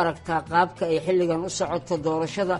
aragtaa qaabka ay xilligan u socoto doorashada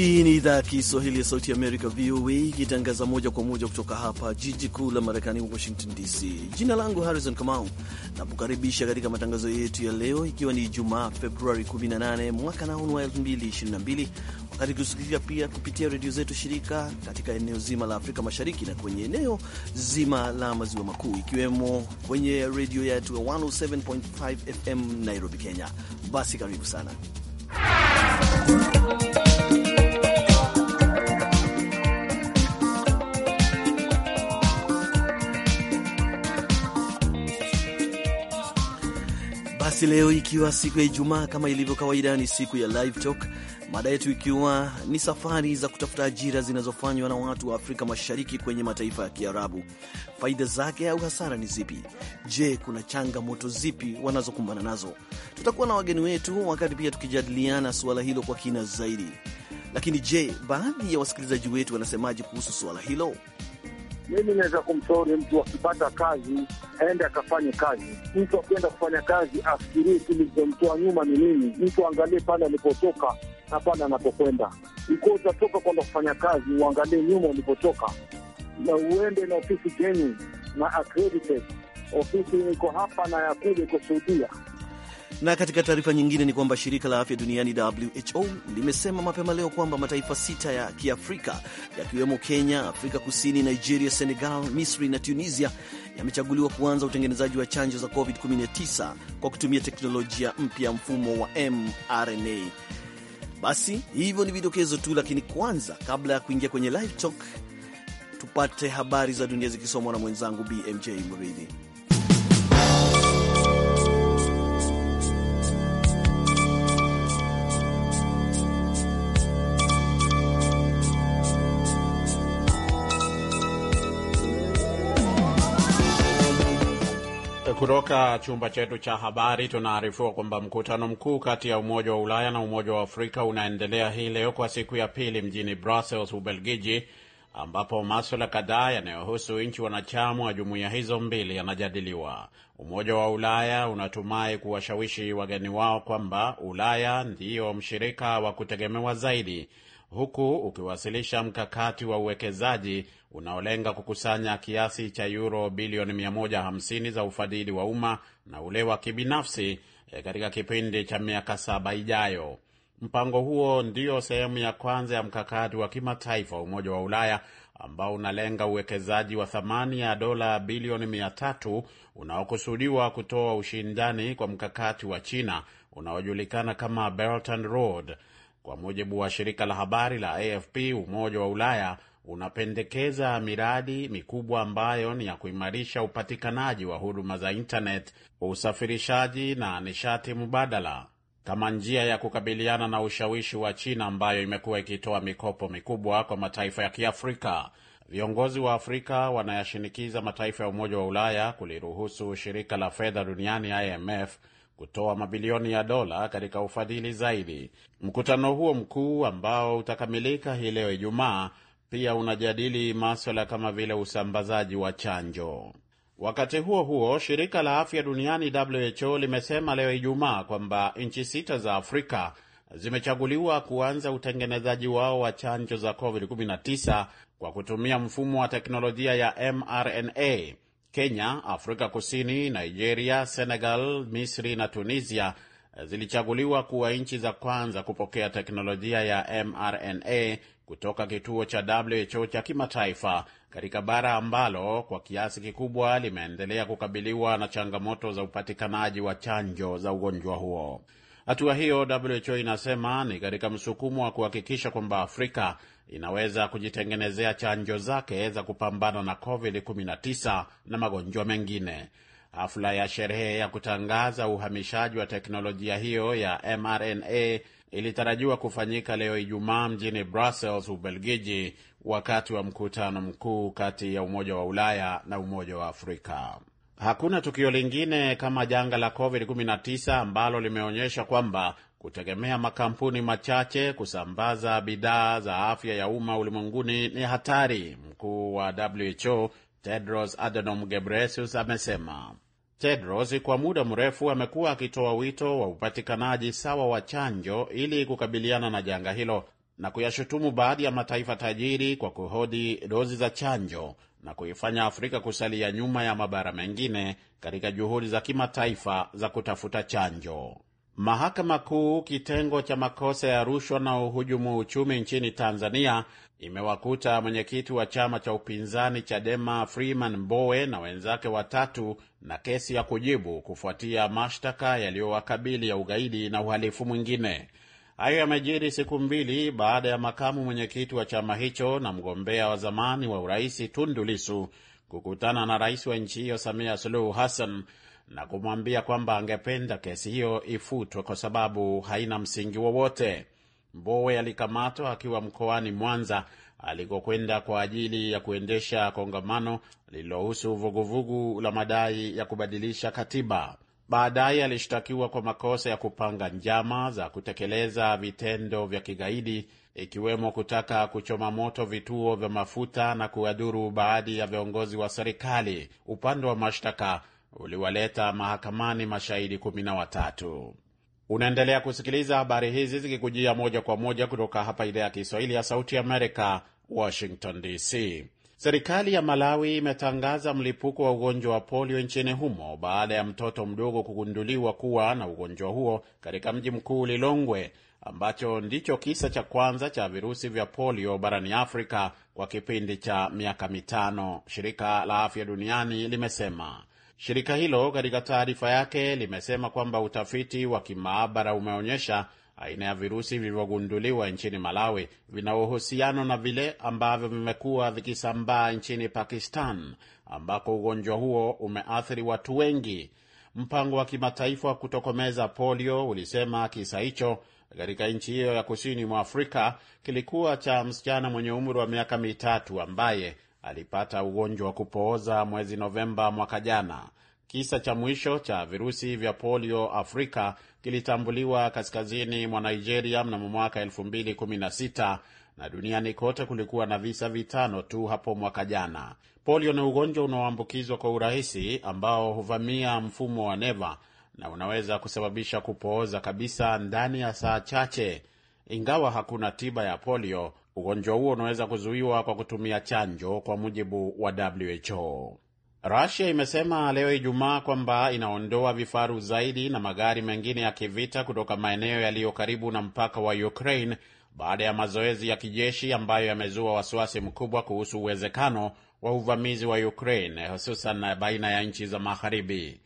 Hii ni idhaa ya Kiswahili ya Sauti ya Amerika, VOA, ikitangaza moja kwa moja kutoka hapa jiji kuu la Marekani, Washington DC. Jina langu Harrison Kamau, nakukaribisha katika matangazo yetu ya leo, ikiwa ni Ijumaa Februari 18 mwaka naunu wa 2022, wakati kusikia pia kupitia redio zetu shirika katika eneo zima la Afrika Mashariki na kwenye eneo zima la Maziwa Makuu, ikiwemo kwenye redio yetu ya 107.5 FM Nairobi, Kenya. Basi karibu sana Basi leo ikiwa siku ya Ijumaa, kama ilivyo kawaida, ni siku ya live talk, mada yetu ikiwa ni safari za kutafuta ajira zinazofanywa na watu wa Afrika Mashariki kwenye mataifa ya Kiarabu. Faida zake au hasara ni zipi? Je, kuna changamoto zipi wanazokumbana nazo? Tutakuwa na wageni wetu, wakati pia tukijadiliana suala hilo kwa kina zaidi. Lakini je, baadhi ya wasikilizaji wetu wanasemaje kuhusu suala hilo? mimi naweza kumshauri mtu akipata kazi aende akafanye kazi. Mtu akienda kufanya kazi afikirie kilichomtoa nyuma ni nini. Mtu aangalie pale alipotoka na pale anapokwenda. Ikuwa utatoka kwenda kufanya kazi, uangalie nyuma ulipotoka, na uende na ofisi geni na accredited ofisi iko hapa na ya kule iko Saudia. Na katika taarifa nyingine ni kwamba shirika la afya duniani WHO limesema mapema leo kwamba mataifa sita ya Kiafrika yakiwemo Kenya, Afrika Kusini, Nigeria, Senegal, Misri na Tunisia yamechaguliwa kuanza utengenezaji wa chanjo za COVID-19 kwa kutumia teknolojia mpya, mfumo wa mRNA. Basi hivyo ni vidokezo tu, lakini kwanza, kabla ya kuingia kwenye live talk, tupate habari za dunia zikisomwa na mwenzangu BMJ Mridhi. Kutoka chumba chetu cha habari tunaarifiwa kwamba mkutano mkuu kati ya Umoja wa Ulaya na Umoja wa Afrika unaendelea hii leo kwa siku ya pili mjini Brussels, Ubelgiji, ambapo maswala kadhaa yanayohusu nchi wanachama wa jumuiya hizo mbili yanajadiliwa. Umoja wa Ulaya unatumai kuwashawishi wageni wao kwamba Ulaya ndiyo mshirika wa kutegemewa zaidi, huku ukiwasilisha mkakati wa uwekezaji unaolenga kukusanya kiasi cha yuro bilioni 150 za ufadhili wa umma na ule wa kibinafsi e, katika kipindi cha miaka saba ijayo. Mpango huo ndio sehemu ya kwanza ya mkakati wa kimataifa wa Umoja wa Ulaya ambao unalenga uwekezaji wa thamani ya dola bilioni mia tatu unaokusudiwa kutoa ushindani kwa mkakati wa China unaojulikana kama Belt and Road. Kwa mujibu wa shirika la habari la AFP, Umoja wa Ulaya unapendekeza miradi mikubwa ambayo ni ya kuimarisha upatikanaji wa huduma za intanet, usafirishaji na nishati mbadala kama njia ya kukabiliana na ushawishi wa China ambayo imekuwa ikitoa mikopo mikubwa kwa mataifa ya Kiafrika. Viongozi wa Afrika wanayashinikiza mataifa ya Umoja wa Ulaya kuliruhusu shirika la fedha duniani IMF kutoa mabilioni ya dola katika ufadhili zaidi. Mkutano huo mkuu ambao utakamilika hii leo Ijumaa pia unajadili maswala kama vile usambazaji wa chanjo. Wakati huo huo, shirika la afya duniani WHO limesema leo Ijumaa kwamba nchi sita za Afrika zimechaguliwa kuanza utengenezaji wao wa chanjo za COVID-19 kwa kutumia mfumo wa teknolojia ya mRNA. Kenya, Afrika Kusini, Nigeria, Senegal, Misri na Tunisia zilichaguliwa kuwa nchi za kwanza kupokea teknolojia ya mRNA kutoka kituo cha WHO cha kimataifa katika bara ambalo kwa kiasi kikubwa limeendelea kukabiliwa na changamoto za upatikanaji wa chanjo za ugonjwa huo. Hatua hiyo WHO inasema ni katika msukumo wa kuhakikisha kwamba Afrika inaweza kujitengenezea chanjo zake za kupambana na COVID-19 na magonjwa mengine. Hafla ya sherehe ya kutangaza uhamishaji wa teknolojia hiyo ya mRNA ilitarajiwa kufanyika leo Ijumaa mjini Brussels, Ubelgiji, wakati wa mkutano mkuu kati ya Umoja wa Ulaya na Umoja wa Afrika. Hakuna tukio lingine kama janga la COVID-19 ambalo limeonyesha kwamba kutegemea makampuni machache kusambaza bidhaa za afya ya umma ulimwenguni ni hatari. Mkuu wa WHO Tedros Adhanom Ghebreyesus amesema Tedros kwa muda mrefu amekuwa akitoa wito wa upatikanaji sawa wa chanjo ili kukabiliana na janga hilo na kuyashutumu baadhi ya mataifa tajiri kwa kuhodi dozi za chanjo na kuifanya Afrika kusalia nyuma ya mabara mengine katika juhudi za kimataifa za kutafuta chanjo. Mahakama Kuu kitengo cha makosa ya rushwa na uhujumu uchumi nchini Tanzania imewakuta mwenyekiti wa chama cha upinzani Chadema Freeman Mbowe na wenzake watatu na kesi ya kujibu kufuatia mashtaka yaliyowakabili ya ugaidi na uhalifu mwingine. Hayo yamejiri siku mbili baada ya makamu mwenyekiti wa chama hicho na mgombea wa zamani wa urais Tundu Lissu kukutana na rais wa nchi hiyo Samia Suluhu Hassan na kumwambia kwamba angependa kesi hiyo ifutwe kwa sababu haina msingi wowote. Mbowe alikamatwa akiwa mkoani Mwanza alikokwenda kwa ajili ya kuendesha kongamano lililohusu vuguvugu la madai ya kubadilisha katiba. Baadaye alishtakiwa kwa makosa ya kupanga njama za kutekeleza vitendo vya kigaidi ikiwemo kutaka kuchoma moto vituo vya mafuta na kuwadhuru baadhi ya viongozi wa serikali. Upande wa mashtaka uliwaleta mahakamani mashahidi kumi na watatu. Unaendelea kusikiliza habari hizi zikikujia moja kwa moja kutoka hapa idhaa ya Kiswahili ya Sauti Amerika, Washington DC. Serikali ya Malawi imetangaza mlipuko wa ugonjwa wa polio nchini humo baada ya mtoto mdogo kugunduliwa kuwa na ugonjwa huo katika mji mkuu Lilongwe, ambacho ndicho kisa cha kwanza cha virusi vya polio barani Afrika kwa kipindi cha miaka mitano, shirika la afya duniani limesema. Shirika hilo katika taarifa yake limesema kwamba utafiti wa kimaabara umeonyesha aina ya virusi vilivyogunduliwa nchini Malawi vina uhusiano na vile ambavyo vimekuwa vikisambaa nchini Pakistan ambako ugonjwa huo umeathiri watu wengi. Mpango wa kimataifa wa kutokomeza polio ulisema kisa hicho katika nchi hiyo ya kusini mwa Afrika kilikuwa cha msichana mwenye umri wa miaka mitatu ambaye alipata ugonjwa wa kupooza mwezi Novemba mwaka jana. Kisa cha mwisho cha virusi vya polio Afrika kilitambuliwa kaskazini mwa Nigeria mnamo mwaka 2016 na duniani kote kulikuwa na visa vitano tu hapo mwaka jana. Polio ni ugonjwa unaoambukizwa kwa urahisi ambao huvamia mfumo wa neva na unaweza kusababisha kupooza kabisa ndani ya saa chache. Ingawa hakuna tiba ya polio, Ugonjwa huo unaweza kuzuiwa kwa kutumia chanjo, kwa mujibu wa WHO. Russia imesema leo Ijumaa kwamba inaondoa vifaru zaidi na magari mengine ya kivita kutoka maeneo yaliyo karibu na mpaka wa Ukraine baada ya mazoezi ya kijeshi ambayo yamezua wasiwasi mkubwa kuhusu uwezekano wa uvamizi wa Ukraine hususan baina ya nchi za magharibi.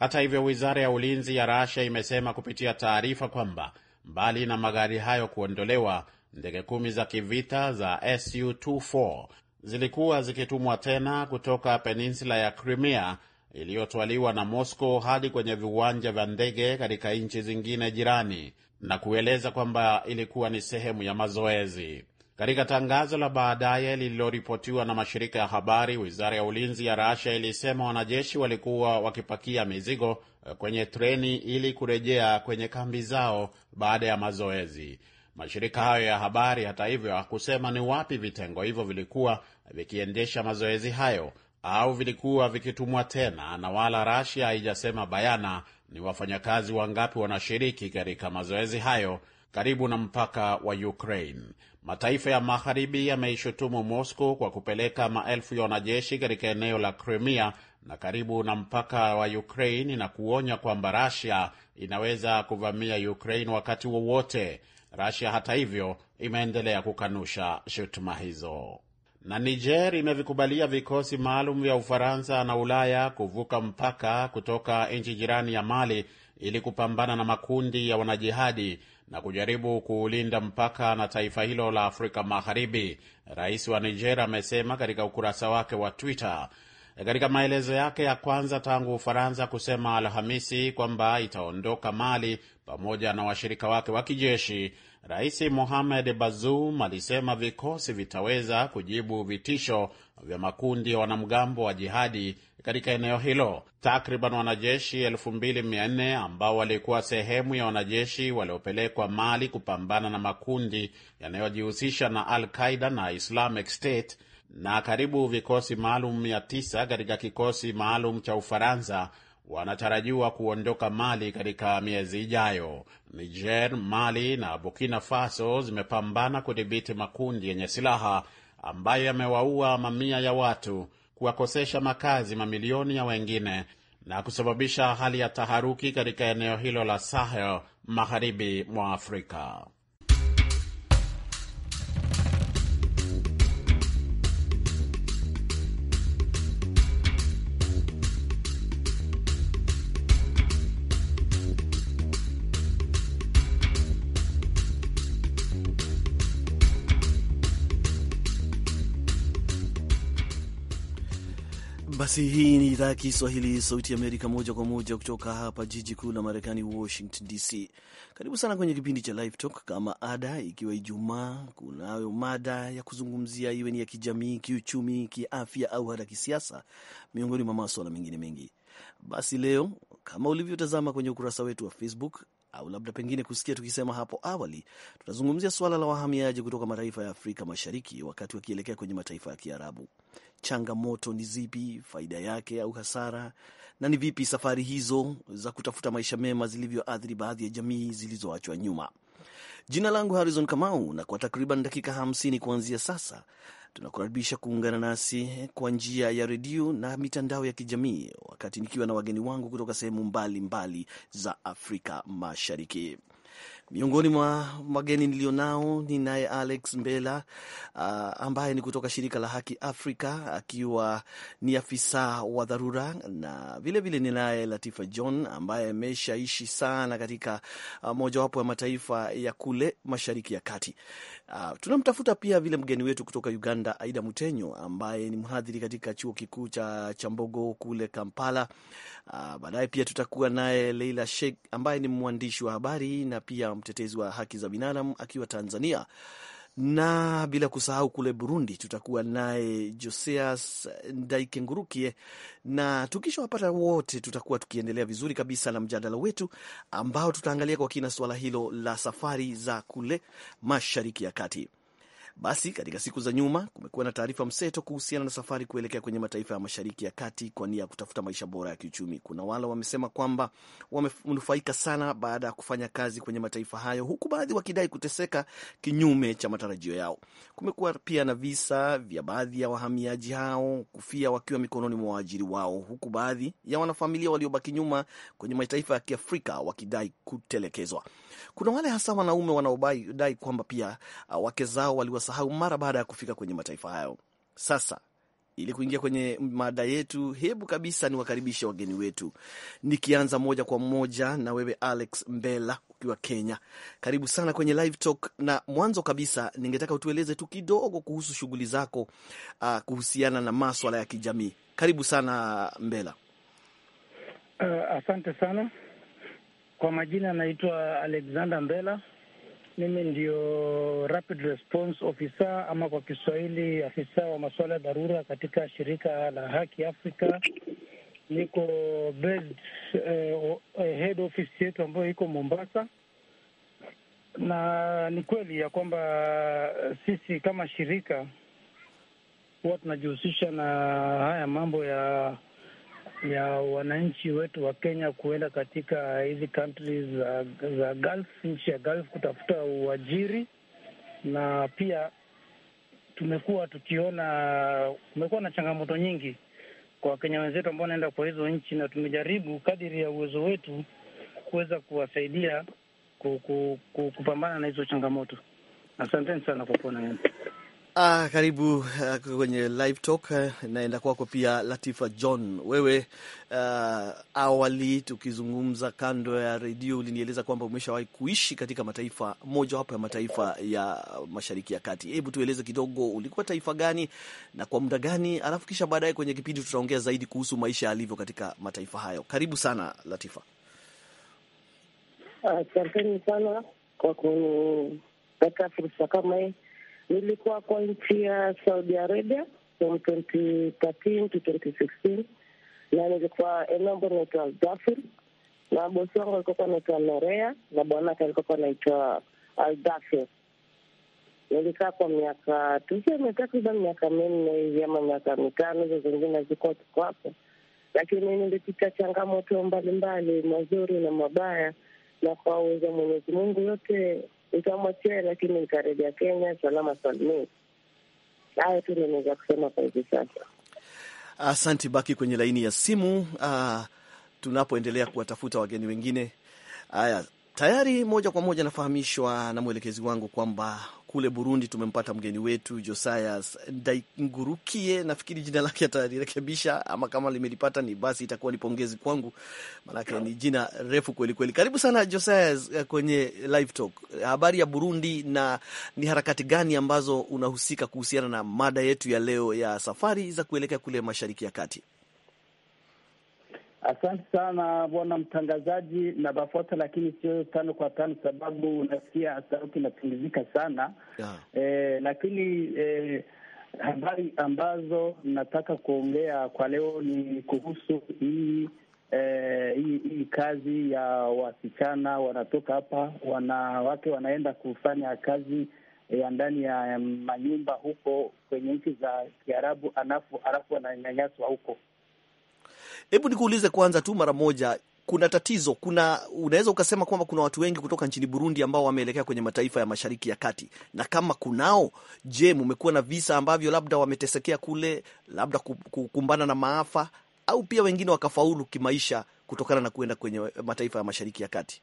Hata hivyo, wizara ya ulinzi ya Russia imesema kupitia taarifa kwamba mbali na magari hayo kuondolewa, ndege kumi za kivita za Su-24 zilikuwa zikitumwa tena kutoka peninsula ya Crimea iliyotwaliwa na Moscow hadi kwenye viwanja vya ndege katika nchi zingine jirani na kueleza kwamba ilikuwa ni sehemu ya mazoezi. Katika tangazo la baadaye lililoripotiwa na mashirika ya habari, wizara ya ulinzi ya rasia ilisema wanajeshi walikuwa wakipakia mizigo eh, kwenye treni ili kurejea kwenye kambi zao baada ya mazoezi. Mashirika hayo ya habari, hata hivyo, hakusema ni wapi vitengo hivyo vilikuwa vikiendesha mazoezi hayo au vilikuwa vikitumwa tena, na wala Russia haijasema bayana ni wafanyakazi wangapi wanashiriki katika mazoezi hayo karibu na mpaka wa Ukraine. Mataifa ya magharibi yameishutumu Moscow kwa kupeleka maelfu ya wanajeshi katika eneo la Crimea na karibu na mpaka wa Ukraine na kuonya kwamba Russia inaweza kuvamia Ukraine wakati wowote. Rasia hata hivyo imeendelea kukanusha shutuma hizo. Na Niger imevikubalia vikosi maalum vya Ufaransa na Ulaya kuvuka mpaka kutoka nchi jirani ya Mali ili kupambana na makundi ya wanajihadi na kujaribu kuulinda mpaka na taifa hilo la Afrika Magharibi. Rais wa Niger amesema katika ukurasa wake wa Twitter katika maelezo yake ya kwanza tangu Ufaransa kusema Alhamisi kwamba itaondoka Mali pamoja na washirika wake wa kijeshi, Rais Mohamed Bazoum alisema vikosi vitaweza kujibu vitisho vya makundi ya wanamgambo wa jihadi katika eneo hilo. Takriban wanajeshi 2400 ambao walikuwa sehemu ya wanajeshi waliopelekwa Mali kupambana na makundi yanayojihusisha na Al Qaida na Islamic State na karibu vikosi maalum mia tisa katika kikosi maalum cha Ufaransa wanatarajiwa kuondoka Mali katika miezi ijayo. Niger, Mali na Burkina Faso zimepambana kudhibiti makundi yenye silaha ambayo yamewaua mamia ya watu, kuwakosesha makazi mamilioni ya wengine na kusababisha hali ya taharuki katika eneo hilo la Sahel magharibi mwa Afrika. Basi hii ni idhaa ya Kiswahili, Sauti ya Amerika, moja kwa moja kutoka hapa jiji kuu la Marekani, Washington DC. Karibu sana kwenye kipindi cha Live Talk kama ada, ikiwa Ijumaa kunayo mada ya kuzungumzia, iwe ni ya kijamii, kiuchumi, kiafya au hata kisiasa, miongoni mwa maswala mengine mengi. Basi leo kama ulivyotazama kwenye ukurasa wetu wa Facebook, au labda pengine kusikia tukisema hapo awali, tunazungumzia suala la wahamiaji kutoka mataifa ya Afrika Mashariki wakati wakielekea kwenye mataifa ya Kiarabu. Changamoto ni zipi? Faida yake au hasara? Na ni vipi safari hizo za kutafuta maisha mema zilivyoathiri baadhi ya jamii zilizoachwa nyuma? Jina langu Harrison Kamau, na kwa takriban dakika hamsini kuanzia sasa Tunakukaribisha kuungana nasi kwa njia ya redio na mitandao ya kijamii, wakati nikiwa na wageni wangu kutoka sehemu mbalimbali za Afrika Mashariki. Miongoni mwa mageni nilionao ni naye Alex Mbela uh, ambaye ni kutoka shirika la Haki Afrika akiwa ni afisa wa dharura, na vilevile ni naye Latifa John ambaye ameshaishi sana katika uh, mojawapo ya mataifa ya kule mashariki ya kati. Uh, tunamtafuta pia vile mgeni wetu kutoka Uganda, Aida Mutenyo ambaye ni mhadhiri katika chuo kikuu cha Chambogo kule Kampala. Uh, baadaye pia tutakuwa naye Leila Sheikh ambaye ni mwandishi wa habari na pia mtetezi wa haki za binadamu akiwa Tanzania, na bila kusahau kule Burundi tutakuwa naye Joseas ndaikengurukie na tukishawapata wote tutakuwa tukiendelea vizuri kabisa na mjadala wetu ambao tutaangalia kwa kina suala hilo la safari za kule Mashariki ya Kati. Basi katika siku za nyuma kumekuwa na taarifa mseto kuhusiana na safari kuelekea kwenye mataifa ya Mashariki ya Kati kwa nia ya kutafuta maisha bora ya kiuchumi. Kuna wale wamesema kwamba wamenufaika sana baada ya kufanya kazi kwenye mataifa hayo, huku baadhi wakidai kuteseka kinyume cha matarajio yao. Kumekuwa pia na visa vya baadhi ya wahamiaji hao kufia wakiwa mikononi mwa waajiri wao, huku baadhi ya wanafamilia waliobaki nyuma kwenye mataifa ya Kiafrika wakidai kutelekezwa. Kuna wale hasa wanaume wanaodai kwamba pia uh, wake zao waliwa wanasahau mara baada ya kufika kwenye mataifa hayo. Sasa ili kuingia kwenye mada yetu, hebu kabisa niwakaribishe wageni wetu, nikianza moja kwa moja na wewe Alex Mbela ukiwa Kenya. Karibu sana kwenye Live Talk, na mwanzo kabisa ningetaka utueleze tu kidogo kuhusu shughuli zako uh, kuhusiana na maswala ya kijamii. Karibu sana Mbela. Uh, ah, asante sana kwa majina, anaitwa Alexander Mbela mimi ndio rapid response officer ama kwa Kiswahili afisa wa masuala ya dharura katika shirika la Haki Afrika. Niko based, eh, head office yetu ambayo iko Mombasa, na ni kweli ya kwamba sisi kama shirika huwa tunajihusisha na haya mambo ya ya wananchi wetu wa Kenya kuenda katika hizi countries za, za Gulf, nchi ya Gulf kutafuta uajiri, na pia tumekuwa tukiona kumekuwa na changamoto nyingi kwa Wakenya wenzetu ambao wanaenda kwa hizo nchi, na tumejaribu kadiri ya uwezo wetu kuweza kuwasaidia kupambana na hizo changamoto. Asanteni sana kwa kuona na Ah, karibu uh, kwenye live talk eh, naenda kwako pia Latifa John. Wewe uh, awali tukizungumza kando ya redio ulinieleza kwamba umeshawahi kuishi katika mataifa mojawapo ya mataifa ya Mashariki ya Kati. Hebu tueleze kidogo ulikuwa taifa gani na kwa muda gani, alafu kisha baadaye kwenye kipindi tutaongea zaidi kuhusu maisha yalivyo katika mataifa hayo. Karibu sana Latifa. Asanteni uh, sana kwa kupata fursa kama hii nilikuwa kwa nchi ya Saudi Arabia from 2013 to 2016 na nilikuwa eneo eh, ambalo inaitwa Aldafir na bosi wangu alikuwa anaitwa Norea na bwanake alikuwa anaitwa Aldafir. Nilikaa kwa miaka tuseme takriban miaka minne hivi ama miaka mitano, hizo zingine zikuwa tuko hapo, lakini nilipita changamoto mbalimbali, mazuri na mabaya, na kwa uwezo Mwenyezi Mungu yote nikamwachia, lakini nikarejea Kenya salama salmini. Hayo tu naweza kusema kwa hivi sasa. Asante, baki kwenye laini ya simu ah, tunapoendelea kuwatafuta wageni wengine. Haya, Tayari moja kwa moja nafahamishwa na mwelekezi wangu kwamba kule Burundi tumempata mgeni wetu Josayas Ndaingurukie, nafikiri jina lake atalirekebisha, ama kama limelipata ni basi, itakuwa ni pongezi kwangu, manake ni jina refu kweli kweli. Karibu sana Josayas kwenye Live Talk. Habari ya Burundi, na ni harakati gani ambazo unahusika kuhusiana na mada yetu ya leo ya safari za kuelekea kule mashariki ya kati? Asante sana bwana mtangazaji na bafuata, lakini sio tano kwa tano, sababu unasikia sauti inatingizika sana yeah. E, lakini e, habari ambazo nataka kuongea kwa leo ni kuhusu hii e, hii, hii kazi ya wasichana wanatoka hapa, wanawake wanaenda kufanya kazi ya ndani ya manyumba huko kwenye nchi za Kiarabu, alafu wananyanyaswa huko Hebu nikuulize kwanza tu mara moja, kuna tatizo, kuna unaweza ukasema kwamba kuna watu wengi kutoka nchini Burundi ambao wameelekea kwenye mataifa ya mashariki ya kati, na kama kunao, je, mumekuwa na visa ambavyo labda wametesekea kule, labda kukumbana na maafa au pia wengine wakafaulu kimaisha kutokana na kuenda kwenye mataifa ya mashariki ya kati?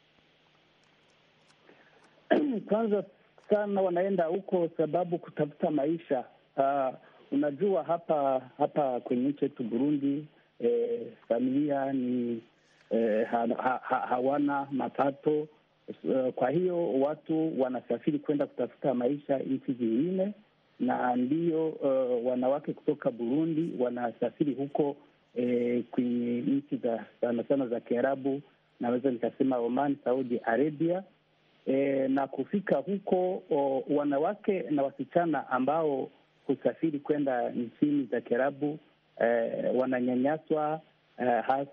Kwanza sana wanaenda huko sababu kutafuta maisha. Uh, unajua hapa hapa kwenye nchi yetu Burundi eh, familia ni eh, ha, ha, ha, hawana mapato eh, kwa hiyo watu wanasafiri kwenda kutafuta maisha nchi zingine, na ndiyo eh, wanawake kutoka Burundi wanasafiri huko eh, kwenye nchi za sana sana za Kiarabu, naweza nikasema Oman, Saudi Arabia. E, na kufika huko o, wanawake na wasichana ambao husafiri kwenda nchini za Kiarabu eh, wananyanyaswa eh, hasa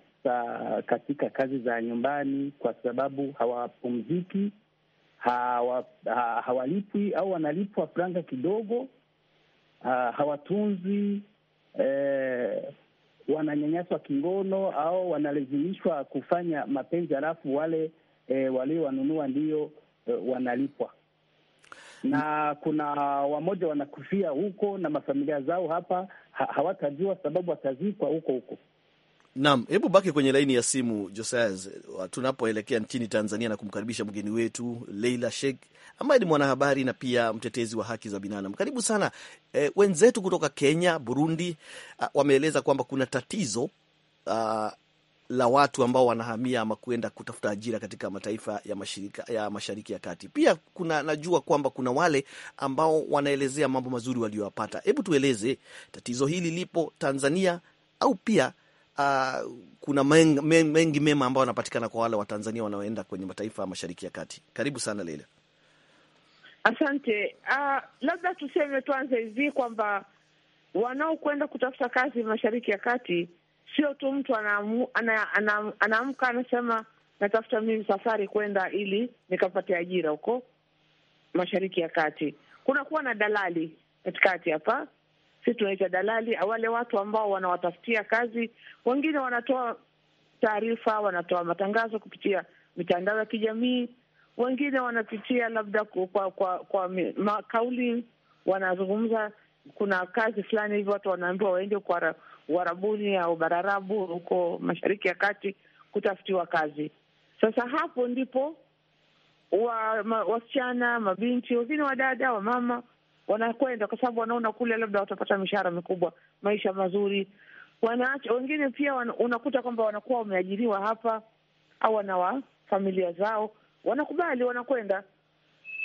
katika kazi za nyumbani, kwa sababu hawapumziki, hawa, ha, hawalipwi au wanalipwa franga kidogo, ha, hawatunzi eh, wananyanyaswa kingono au wanalazimishwa kufanya mapenzi, halafu wale eh, waliowanunua ndiyo eh, wanalipwa na mm. kuna wamoja wanakufia huko na mafamilia zao hapa ha hawatajua sababu watazikwa huko huko. Naam, hebu baki kwenye laini ya simu Josaz, tunapoelekea nchini Tanzania na kumkaribisha mgeni wetu Leila Sheikh ambaye ni mwanahabari na pia mtetezi wa haki za binadamu. Karibu sana. E, wenzetu kutoka Kenya, Burundi ah, wameeleza kwamba kuna tatizo a, ah, la watu ambao wanahamia ama kuenda kutafuta ajira katika mataifa ya, mashirika, ya mashariki ya kati. Pia kuna najua kwamba kuna wale ambao wanaelezea mambo mazuri waliyoyapata. Hebu tueleze tatizo hili lipo Tanzania au pia uh, kuna mengi, mengi mema ambayo wanapatikana kwa wale Watanzania wanaoenda kwenye mataifa ya mashariki ya kati. Karibu sana Leila. Asante. Uh, labda tuseme tuanze hivi kwamba wanaokwenda kutafuta kazi mashariki ya kati sio tu mtu anaamka ana, ana, ana anasema natafuta mimi safari kwenda ili nikapate ajira huko Mashariki ya Kati. Kunakuwa na dalali katikati hapa, sisi tunaita dalali, wale watu ambao wanawatafutia kazi. Wengine wanatoa taarifa, wanatoa matangazo kupitia mitandao ya kijamii, wengine wanapitia labda kwa kwa, kwa makauli wanazungumza. Kuna kazi fulani hivi watu wanaambiwa waende kwa Uarabuni au Bararabu huko Mashariki ya Kati kutafutiwa kazi. Sasa hapo ndipo wa, ma, wasichana mabinti, wengine wadada, wamama wanakwenda kwa sababu wanaona kule labda watapata mishahara mikubwa, maisha mazuri. Wanaacha wengine pia wan, unakuta kwamba wanakuwa wameajiriwa hapa au wa familia zao wanakubali, wanakwenda.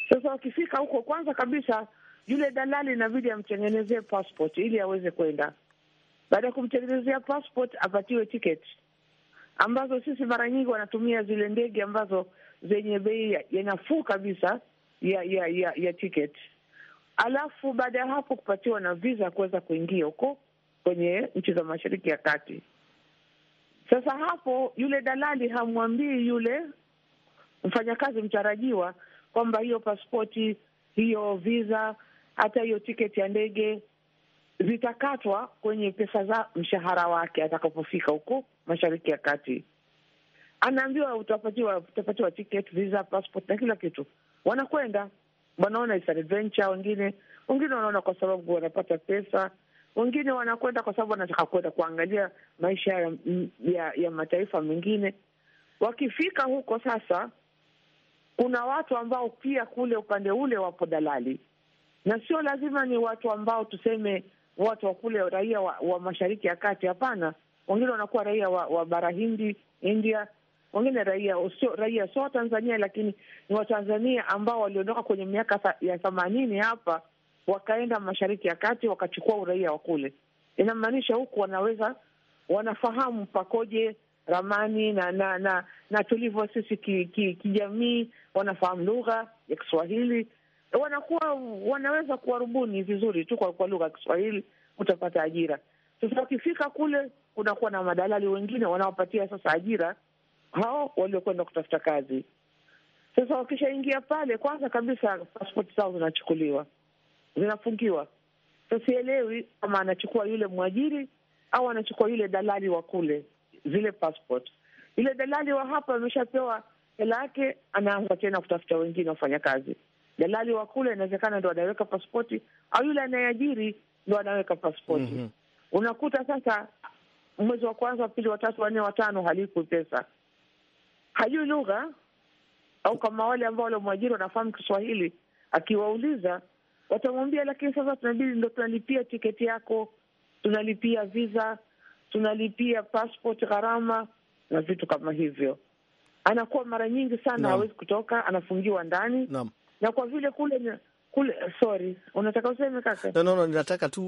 Sasa wakifika huko, kwanza kabisa yule dalali inabidi amtengenezee passport ili aweze kwenda. Baada ya kumtengenezea passport apatiwe ticket, ambazo sisi mara nyingi wanatumia zile ndege ambazo zenye bei ya nafuu kabisa ya ya ya, ya tiketi. Alafu baada ya hapo kupatiwa na visa kuweza kuingia huko kwenye nchi za Mashariki ya Kati. Sasa hapo yule dalali hamwambii yule mfanyakazi mtarajiwa kwamba hiyo pasipoti, hiyo visa, hata hiyo tiketi ya ndege zitakatwa kwenye pesa za mshahara wake atakapofika huko Mashariki ya Kati. Anaambiwa utapatiwa, utapatiwa ticket, visa, passport na kila kitu. Wanakwenda, wanaona is adventure. Wengine wengine wanaona kwa sababu wanapata pesa, wengine wanakwenda kwa sababu wanataka kwenda kuangalia maisha ya, ya, ya mataifa mengine. Wakifika huko sasa, kuna watu ambao pia kule upande ule wapo dalali, na sio lazima ni watu ambao tuseme watu wa kule raia wa, wa mashariki ya kati. Hapana, wengine wanakuwa raia wa, wa bara Hindi, India, wengine raia sio raia sio Watanzania, lakini ni Watanzania ambao waliondoka kwenye miaka ya themanini hapa wakaenda mashariki ya kati wakachukua uraia wa kule. Inamaanisha huku wanaweza wanafahamu pakoje ramani na na na, na tulivyo sisi kijamii ki, ki wanafahamu lugha ya Kiswahili wanakuwa wanaweza kuwarubuni vizuri tu kwa, kwa lugha ya Kiswahili, utapata ajira. Sasa ukifika kule kunakuwa na madalali wengine wanaopatia sasa ajira hao waliokwenda kutafuta kazi. Sasa wakishaingia pale, kwanza kabisa pasipoti zao zinachukuliwa, zinafungiwa. Sasa sielewi kama anachukua yule mwajiri au anachukua yule dalali wa kule zile passport. Yule dalali wa hapa ameshapewa hela yake, anaanza tena kutafuta wengine wafanya kazi. Dalali wa kule inawezekana ndo anaweka paspoti au yule anayeajiri ndo anaweka paspoti mm -hmm. Unakuta sasa mwezi wa kwanza, wa pili, watatu, wanne, watano halipwi pesa, hajui lugha, au kama wale ambao waliomwajiri wanafahamu Kiswahili, akiwauliza watamwambia, lakini sasa tunabidi ndo tunalipia tiketi yako, tunalipia visa, tunalipia passport gharama na vitu kama hivyo. Anakuwa mara nyingi sana hawezi kutoka, anafungiwa ndani Naam na kwa vile kule kule, sorry, unataka useme kaka? No, no, no, ninataka tu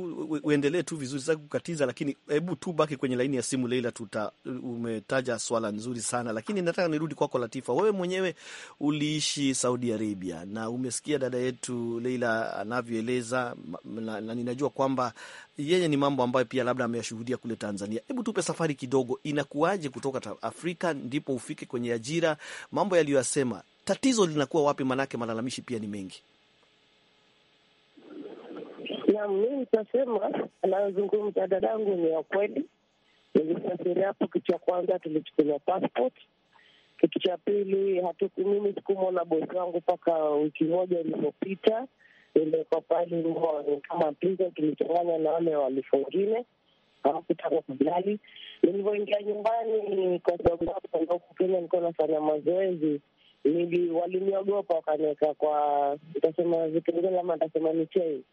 uendelee tu vizuri, sitaki kukatiza, lakini hebu tu baki kwenye laini ya simu Leila. Tuta, umetaja swala nzuri sana lakini nataka nirudi kwako Latifa. Wewe mwenyewe uliishi Saudi Arabia na umesikia dada yetu Leila anavyoeleza na, na ninajua kwamba yeye ni mambo ambayo pia labda ameyashuhudia kule Tanzania. Hebu tupe safari kidogo, inakuwaje kutoka Afrika ndipo ufike kwenye ajira, mambo yaliyoyasema tatizo linakuwa wapi? Maanake malalamishi pia ni mengi. Na mi nitasema anayozungumza dadangu ni ya kweli. Niliasiri hapo, kitu cha kwanza tulichukuliwa passport, kitu cha pili hatuku, mimi sikumwona bosi wangu mpaka wiki moja ilivyopita. Niliwekwa pale kama pizo, tulichanganya na wale walifu wengine hawakutaka kujali. Nilivyoingia nyumbani, kwa sababu Kenya nilikuwa nafanya mazoezi nili- waliniogopa wakaniweka kwa nitasema Vitengela ama ni chei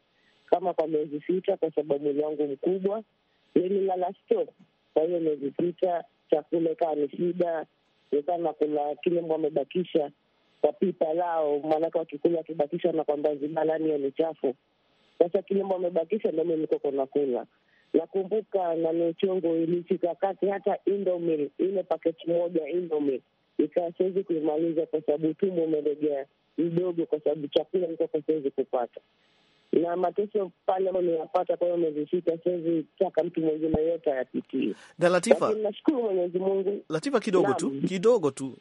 kama kwa miezi sita, kwa sababu mwili wangu mkubwa nililala sto. Kwa hiyo miezi sita chakula ikawa ni shida, nikawa nakula kile mbwa kwa pipa lao, maanake wakikula wakibakisha wanakwambia zibalani, hiyo ni chafu. Sasa kile mbwa wamebakisha ndio mimi nikoko Nakumbuka na michongo ilifika kati hata Indomil ile paketi moja Indomil ikawa siwezi kuimaliza kwa sababu tumbo umelegea mdogo, kwa sababu chakula nitoka siwezi kupata na mateso pale ambayo nimeyapata kwa miezi sita, siwezi taka mtu mwingine yote ayapitie. Na Latifa, nashukuru Mwenyezi Mungu. Latifa, kidogo tu kidogo tu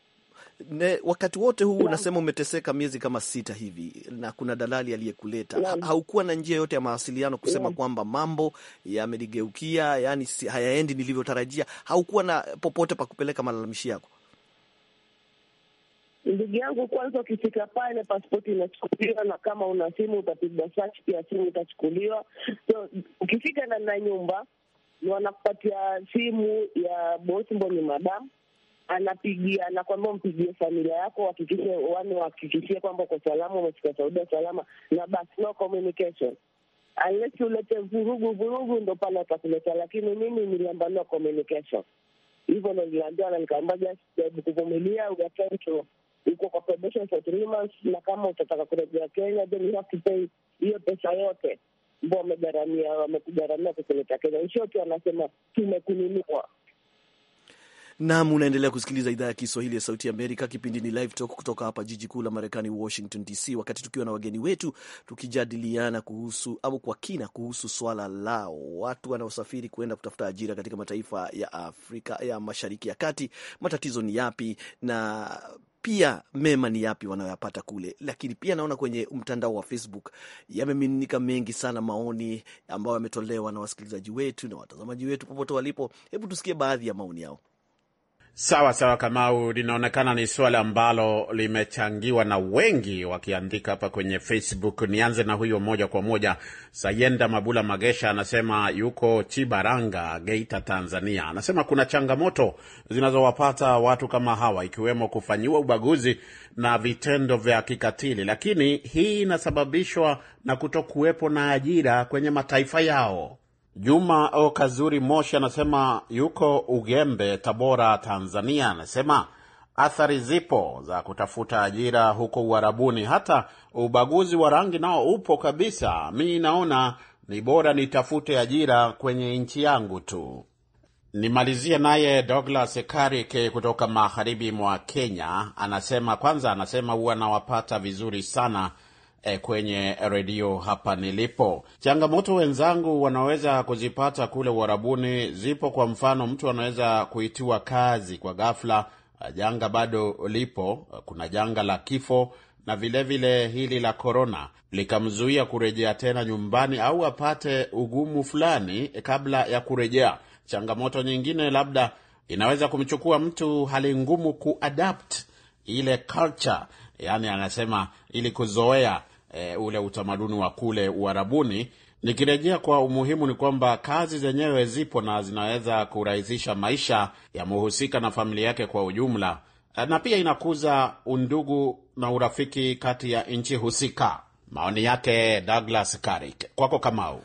ne, wakati wote huu unasema umeteseka miezi kama sita hivi, na kuna dalali aliyekuleta, haukuwa na njia yote ya mawasiliano kusema kwamba mambo yamenigeukia, yani hayaendi nilivyotarajia, haukuwa na popote pa kupeleka malalamishi yako? Ndugu yangu, kwanza ukifika pale paspoti inachukuliwa, na kama una simu utapigwa search, pia simu itachukuliwa. So ukifika ndani ya nyumba wanakupatia simu ya bosi mbo, ni madamu anapigia, anakwambia mpigie familia yako, hakikishe wani wahakikishie kwamba uko salama, umefika Saudia salama, na basi no communication unless ulete vurugu vurugu, ndo pale atakuleta. Lakini mimi niliamba no communication, hivyo ndo niliambiwa, na nikaamba just jaribu kuvumilia, ugatentu uko kwa probation for three months, na kama utataka kurejea Kenya then you have to pay hiyo pesa yote ambao wamegharamia wamekugharamia kukuleta Kenya. Ishoti wanasema tumekununua. Naam, unaendelea kusikiliza idhaa ya Kiswahili ya Sauti Amerika. Kipindi ni Live Talk kutoka hapa jiji kuu la Marekani, Washington DC, wakati tukiwa na wageni wetu tukijadiliana kuhusu au kwa kina kuhusu swala lao watu wanaosafiri kuenda kutafuta ajira katika mataifa ya Afrika ya Mashariki ya Kati, matatizo ni yapi na pia mema ni yapi wanayoyapata kule. Lakini pia naona kwenye mtandao wa Facebook yamemiminika mengi sana maoni ambayo yametolewa na wasikilizaji wetu na watazamaji wetu popote walipo. Hebu tusikie baadhi ya maoni yao. Sawa sawa, Kamau, linaonekana ni suala ambalo limechangiwa na wengi wakiandika hapa kwenye Facebook. Nianze na huyo moja kwa moja. Sayenda Mabula Magesha anasema yuko Chibaranga, Geita, Tanzania. Anasema kuna changamoto zinazowapata watu kama hawa, ikiwemo kufanyiwa ubaguzi na vitendo vya kikatili, lakini hii inasababishwa na kutokuwepo na ajira kwenye mataifa yao. Juma O Kazuri Moshi anasema yuko Ugembe, Tabora, Tanzania. Anasema athari zipo za kutafuta ajira huko Uarabuni, hata ubaguzi wa rangi nao upo kabisa. Mi naona ni bora nitafute ajira kwenye nchi yangu tu. Nimalizie naye Douglas Karike kutoka magharibi mwa Kenya, anasema kwanza, anasema huwa nawapata vizuri sana eh, kwenye redio hapa nilipo. Changamoto wenzangu wanaweza kuzipata kule Uarabuni zipo. Kwa mfano, mtu anaweza kuitiwa kazi kwa ghafla, eh, janga bado lipo, eh, kuna janga la kifo na vilevile vile hili la korona likamzuia kurejea tena nyumbani au apate ugumu fulani eh, kabla ya kurejea. Changamoto nyingine labda inaweza kumchukua mtu hali ngumu kuadapt ile culture, yani anasema ili kuzoea e, ule utamaduni wa kule Uarabuni. Nikirejea kwa umuhimu ni kwamba kazi zenyewe zipo na zinaweza kurahisisha maisha ya muhusika na familia yake kwa ujumla, e, na pia inakuza undugu na urafiki kati ya nchi husika. Maoni yake Douglas Karik. Kwako Kamau.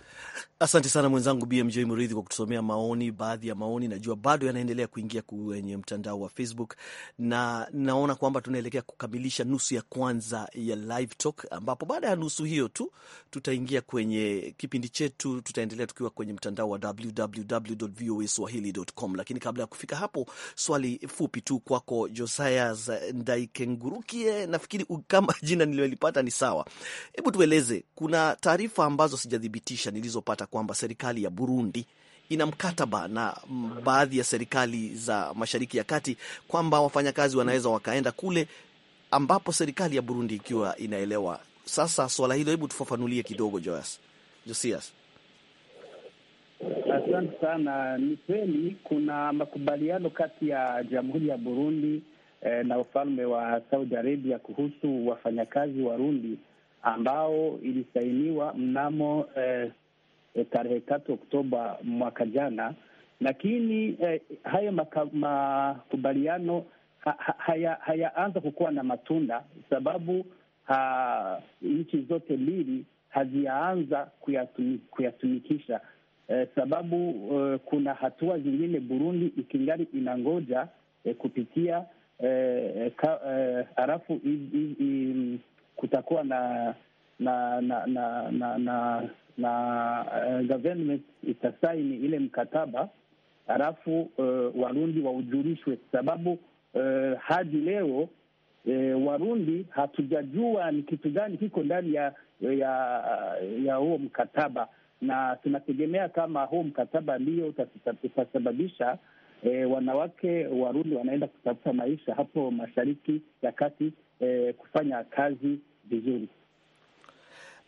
Asante sana mwenzangu BMJ Mridhi kwa kutusomea maoni. Baadhi ya maoni najua bado yanaendelea kuingia kwenye mtandao wa Facebook, na naona kwamba tunaelekea kukamilisha nusu ya kwanza ya Live Talk, ambapo baada ya nusu hiyo tu tutaingia kwenye kipindi chetu. Tutaendelea tukiwa kwenye mtandao wa swahilicom lakini kabla ya kufika hapo, swali fupi tu kwako Josias Ndaikengurukie, nafikiri kama jina nililopata ni sawa. Hebu tueleze, kuna taarifa ambazo sijathibitisha nilizopata kwamba serikali ya Burundi ina mkataba na baadhi ya serikali za Mashariki ya Kati kwamba wafanyakazi wanaweza wakaenda kule ambapo serikali ya Burundi ikiwa inaelewa. Sasa swala hilo, hebu tufafanulie kidogo Joas. Josias. Asante sana. Ni kweli kuna makubaliano kati ya Jamhuri ya Burundi eh, na ufalme wa Saudi Arabia kuhusu wafanyakazi Warundi ambao ilisainiwa mnamo eh, Eh, tarehe tatu Oktoba mwaka jana, lakini e, hayo makubaliano ha, hayaanza haya kukuwa na matunda sababu nchi zote mbili haziyaanza kuyatumikisha e, eh, sababu e, kuna hatua zingine Burundi ikingali inangoja e, kupitia e, ka, eh, halafu kutakuwa na na na na, na, na na uh, government itasaini ile mkataba halafu uh, Warundi waujulishwe sababu uh, hadi leo uh, Warundi hatujajua ni kitu gani kiko ndani ya ya ya huo mkataba, na tunategemea kama huo mkataba ndio utasababisha E, wanawake Warundi wanaenda kutafuta maisha hapo Mashariki ya Kati, e, kufanya kazi vizuri.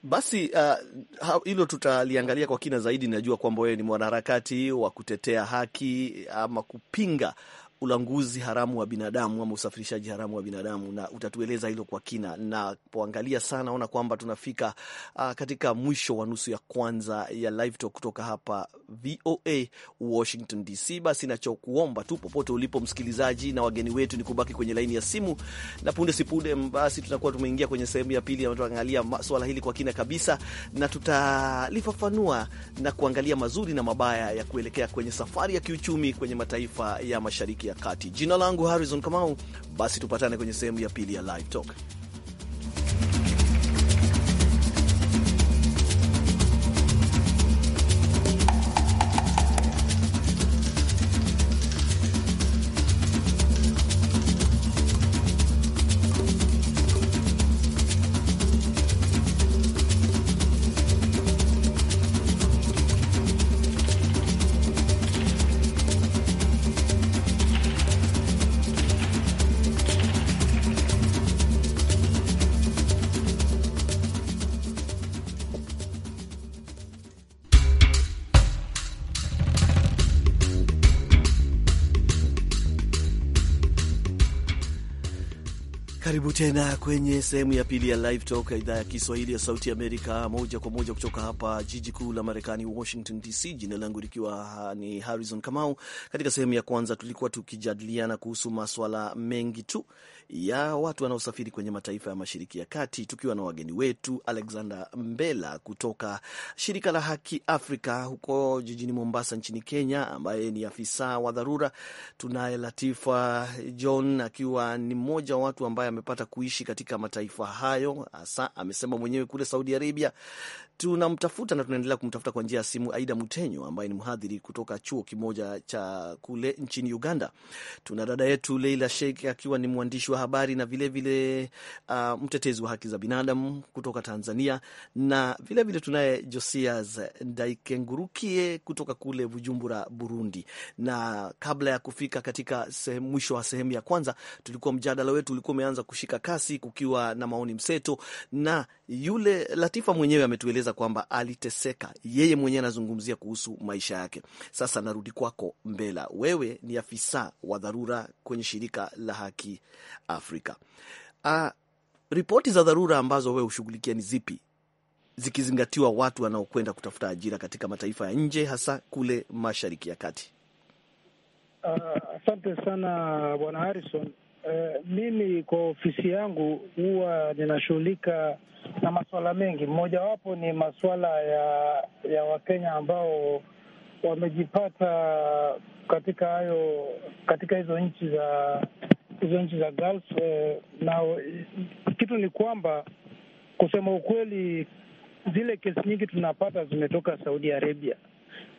Basi uh, hilo uh, tutaliangalia kwa kina zaidi. Najua kwamba wewe ni mwanaharakati wa kutetea haki ama kupinga ulanguzi haramu wa binadamu ama usafirishaji haramu wa binadamu, na utatueleza hilo kwa kina. Napoangalia sana naona kwamba tunafika uh, katika mwisho wa nusu ya kwanza ya live talk kutoka hapa VOA Washington DC. Basi nachokuomba tu popote ulipo msikilizaji na wageni wetu ni kubaki kwenye laini ya simu, na punde sipunde basi tunakuwa tumeingia kwenye sehemu ya pili, tutaangalia swala hili kwa kina kabisa, na tutalifafanua na kuangalia mazuri na mabaya ya kuelekea kwenye safari ya kiuchumi kwenye mataifa ya mashariki ya Kati. Jina langu Harrison Kamau. Basi tupatane kwenye sehemu ya pili ya Live Talk. Karibu tena kwenye sehemu ya pili ya Live Talk ya idhaa ya Kiswahili ya Sauti Amerika, moja kwa moja kutoka hapa jiji kuu la Marekani, Washington DC. Jina langu likiwa ni Harrison Kamau. Katika sehemu ya kwanza tulikuwa tukijadiliana kuhusu maswala mengi tu ya watu wanaosafiri kwenye mataifa ya Mashariki ya Kati, tukiwa na wageni wetu Alexander Mbela kutoka shirika la Haki Afrika huko jijini Mombasa nchini Kenya, ambaye ni afisa wa dharura. Tunaye Latifa John akiwa ni mmoja wa watu ambaye amepata kuishi katika mataifa hayo, hasa amesema mwenyewe kule Saudi Arabia tunamtafuta na tunaendelea kumtafuta kwa njia ya simu Aida Mutenyo ambaye ni mhadhiri kutoka chuo kimoja cha kule nchini Uganda. Tuna dada yetu Leila Sheikh akiwa ni mwandishi wa habari na vilevile vile, uh, mtetezi wa haki za binadamu kutoka Tanzania, na vilevile tunaye Josias Ndaikengurukie kutoka kule Bujumbura, Burundi. Na kabla ya kufika katika sehemu, mwisho wa sehemu ya kwanza, tulikuwa mjadala wetu ulikuwa umeanza kushika kasi kukiwa na maoni mseto na yule Latifa mwenyewe ametueleza kwamba aliteseka yeye mwenyewe, anazungumzia kuhusu maisha yake. Sasa narudi kwako Mbela, wewe ni afisa wa dharura kwenye shirika la Haki Afrika. Uh, ripoti za dharura ambazo wewe hushughulikia ni zipi, zikizingatiwa watu wanaokwenda kutafuta ajira katika mataifa ya nje, hasa kule mashariki ya kati? Ah, asante uh, sana bwana Harrison. Eh, mimi kwa ofisi yangu huwa ninashughulika na masuala mengi. Mmojawapo ni masuala ya ya Wakenya ambao wamejipata katika hayo katika hizo nchi za hizo nchi za Gulf, eh, na kitu ni kwamba kusema ukweli, zile kesi nyingi tunapata zimetoka Saudi Arabia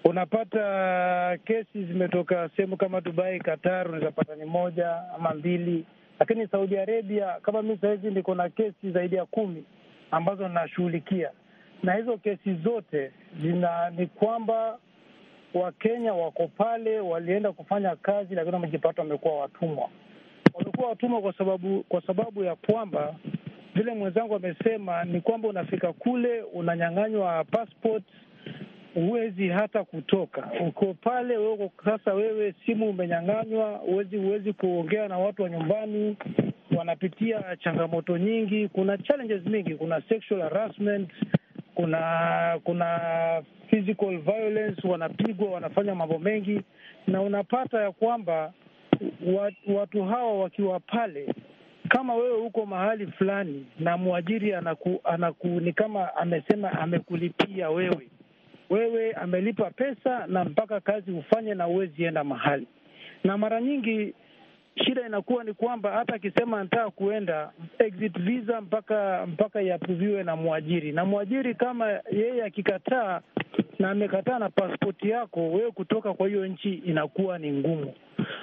unapata kesi zimetoka sehemu kama Dubai, Qatar, unaweza pata ni moja ama mbili, lakini Saudi Arabia kama mi sahizi niko na kesi zaidi ya kumi ambazo nashughulikia, na hizo kesi zote zina ni kwamba Wakenya wako pale, walienda kufanya kazi, lakini wamejipata wamekuwa watumwa. Wamekuwa watumwa kwa sababu kwa sababu ya kwamba vile mwenzangu amesema, ni kwamba unafika kule unanyang'anywa passport huwezi hata kutoka, uko pale wewe. Sasa wewe simu umenyang'anywa, huwezi huwezi kuongea na watu wa nyumbani, wanapitia changamoto nyingi. Kuna challenges mingi, kuna sexual harassment, kuna kuna physical violence, wanapigwa, wanafanya mambo mengi, na unapata ya kwamba watu hawa wakiwa pale kama wewe uko mahali fulani na mwajiri anaku, anaku ni kama amesema amekulipia wewe wewe amelipa pesa na mpaka kazi ufanye na uwezi enda mahali. Na mara nyingi shida inakuwa ni kwamba hata akisema anataka kuenda exit visa mpaka mpaka iapuviwe na mwajiri, na mwajiri kama yeye akikataa na amekataa na paspoti yako, wewe kutoka kwa hiyo nchi inakuwa ni ngumu.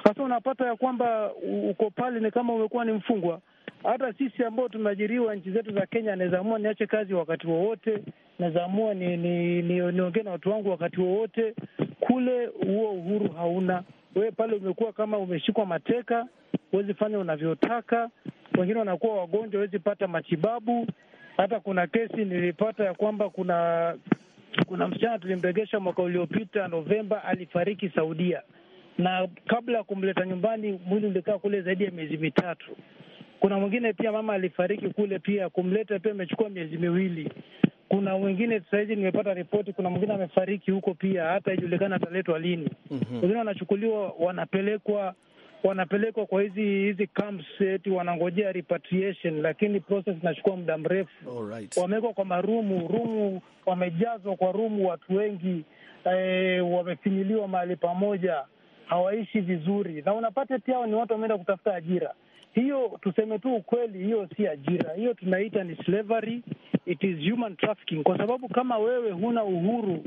Sasa unapata ya kwamba uko pale ni kama umekuwa ni mfungwa. Hata sisi ambao tumeajiriwa nchi zetu za Kenya, anaweza amua niache kazi wakati wowote, naweza amua niongee ni, ni, niongee na watu wangu wakati wowote. Kule huo uhuru hauna wewe, pale umekuwa kama umeshikwa mateka, huwezi fanya unavyotaka. Wengine wanakuwa wagonjwa, huwezi pata matibabu. Hata kuna kesi nilipata ya kwamba kuna kuna msichana tulimregesha mwaka uliopita Novemba, alifariki Saudia na kabla ya kumleta nyumbani mwili ulikaa kule zaidi ya miezi mitatu. Kuna mwingine pia mama alifariki kule, pia kumleta pia imechukua miezi miwili. Kuna mwingine sahizi nimepata ripoti, kuna mwingine amefariki huko pia, hata ijulikana ataletwa lini. Mhm. Wengine mm -hmm. wanachukuliwa wanapelekwa wanapelekwa kwa hizi hizi camps eti wanangojea repatriation, lakini process inachukua muda mrefu. Wamewekwa kwa marumu rumu, wamejazwa kwa rumu, watu wengi e, wamefinyiliwa mahali pamoja hawaishi vizuri, na unapata pia ni watu wameenda kutafuta ajira. Hiyo tuseme tu ukweli, hiyo si ajira, hiyo tunaita ni slavery, it is human trafficking, kwa sababu kama wewe huna uhuru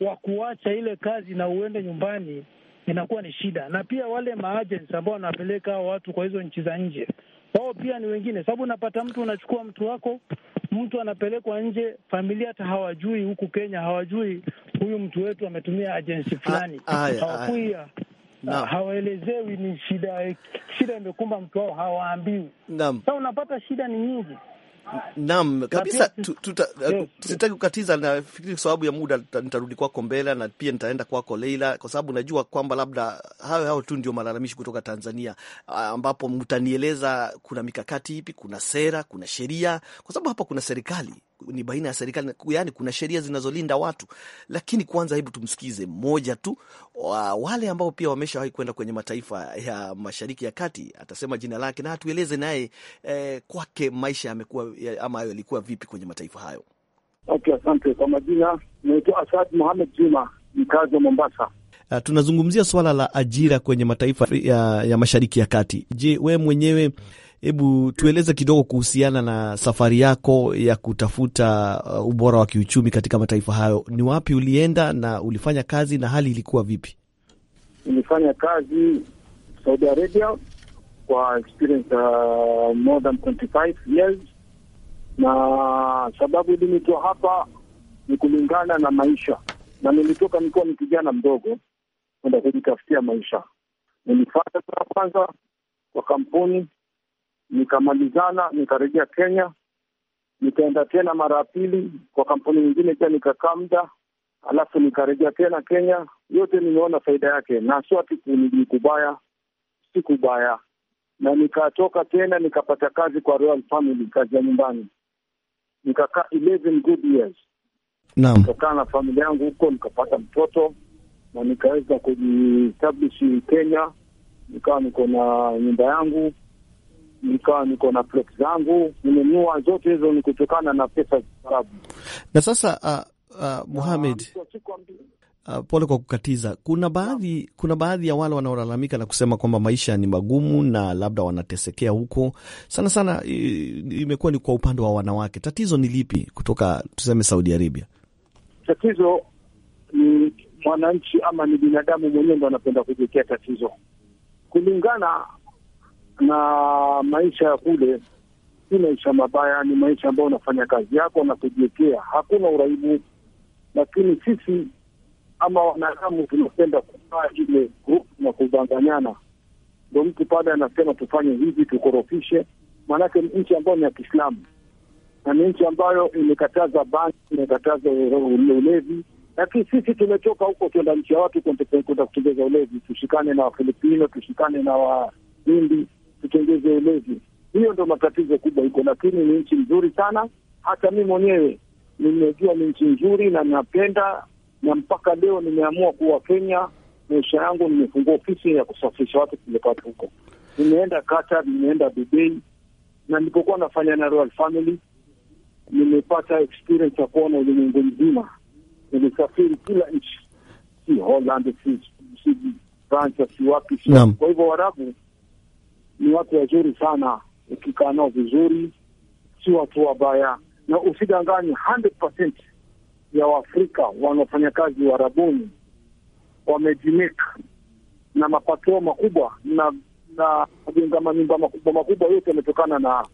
wa kuacha ile kazi na uende nyumbani, inakuwa ni shida. Na pia wale maagents ambao wanapeleka hao watu kwa hizo nchi za nje, wao pia ni wengine, sababu unapata mtu unachukua mtu wako, mtu anapelekwa nje, familia hata hawajui, huku Kenya hawajui huyu mtu wetu ametumia agency fulani, ah, hawakui na ah, hawaelezewi ni shida, shida imekumba mtu wao, hawaambiwi. Naam, sasa unapata shida ni nyingi. Naam, kabisa. Yes, eh, kukatiza, nafikiri kwa sababu ya muda nitarudi kwako mbele, na pia nitaenda kwako Leila, kwa sababu najua kwamba labda hayo hayo tu ndio malalamishi kutoka Tanzania, ah, ambapo mtanieleza kuna mikakati ipi, kuna sera, kuna sheria, kwa sababu hapa kuna serikali ni baina ya serikali, yani kuna sheria zinazolinda watu. Lakini kwanza, hebu tumsikize mmoja tu wale ambao pia wameshawahi kwenda kwenye mataifa ya mashariki ya kati, atasema jina lake na atueleze naye eh, kwake maisha yamekuwa ama yalikuwa vipi kwenye mataifa hayo. Okay, asante kwa majina. Naitwa Asad Muhamed Juma, mkazi wa Mombasa. Uh, tunazungumzia swala la ajira kwenye mataifa ya, ya mashariki ya kati. Je, wewe mwenyewe Hebu tueleze kidogo kuhusiana na safari yako ya kutafuta uh, ubora wa kiuchumi katika mataifa hayo. Ni wapi ulienda na ulifanya kazi na hali ilikuwa vipi? Nilifanya kazi Saudi Arabia kwa experience uh, more than 25 years, na sababu ilinitoa hapa ni kulingana na maisha, na nilitoka nikuwa ni kijana mdogo kwenda kujitafutia maisha. Nilifanya kwanza kwa kampuni nikamalizana, nikarejea Kenya, nikaenda tena mara ya pili kwa kampuni nyingine pia nikakaa muda, alafu nikarejea tena Kenya. Yote nimeona faida yake, na swati kubaya si kubaya, na nikatoka tena nikapata kazi kwa Royal Family, kazi ya nyumbani, nikakaa 11 good years. Naam, nikakaa na familia yangu huko, nikapata mtoto na nikaweza kujistablish Kenya, nikawa niko na nyumba yangu nikawa niko na plot zangu nimenua zote hizo, ni kutokana na pesa za Arabu. Na sasa uh, uh, Muhamed ah, Uh, pole kwa kukatiza. Kuna baadhi kuna baadhi ya wale wanaolalamika na kusema kwamba maisha ni magumu na labda wanatesekea huko sana sana. Imekuwa ni kwa upande wa wanawake. Tatizo ni lipi kutoka tuseme Saudi Arabia? Tatizo ni mwananchi ama ni binadamu mwenyewe ndo anapenda kujiekea tatizo kulingana na maisha ya kule si maisha mabaya, ni maisha ambayo unafanya kazi yako na kujiwekea, hakuna uraibu. Lakini sisi ama wanadamu tunapenda kuvaa ile grupu na kudanganyana, ndo mtu pale anasema tufanye hivi, tukorofishe. Maanake ni nchi ambayo ni ya Kiislamu na ni nchi ambayo imekataza bangi, imekataza ulevi, lakini sisi tumetoka huko tuenda nchi ya watu kwenda kutengeza ulevi. Tushikane na Wafilipino, tushikane na Wahindi tutengeze ulevi. Hiyo ndo matatizo kubwa iko, lakini ni nchi nzuri sana. Hata mi mwenyewe nimejua ni nchi nzuri na napenda, na mpaka leo nimeamua kuwa Kenya maisha yangu. Nimefungua ofisi ya kusafirisha watu kupeleka huko, nimeenda Qatar, nimeenda Dubai na nilipokuwa nafanya na Royal Family nimepata experience ya kuona ulimwengu mzima. Nimesafiri kila nchi, si Holland, si si, si wapi. Kwa hivyo Warabu ni watu wazuri sana, ukikaa nao vizuri, si watu wabaya, na usidanganyi 100% ya Waafrika wanaofanya kazi warabuni wamejimika na mapato makubwa na na kujenga manyumba makubwa makubwa, yote yametokana na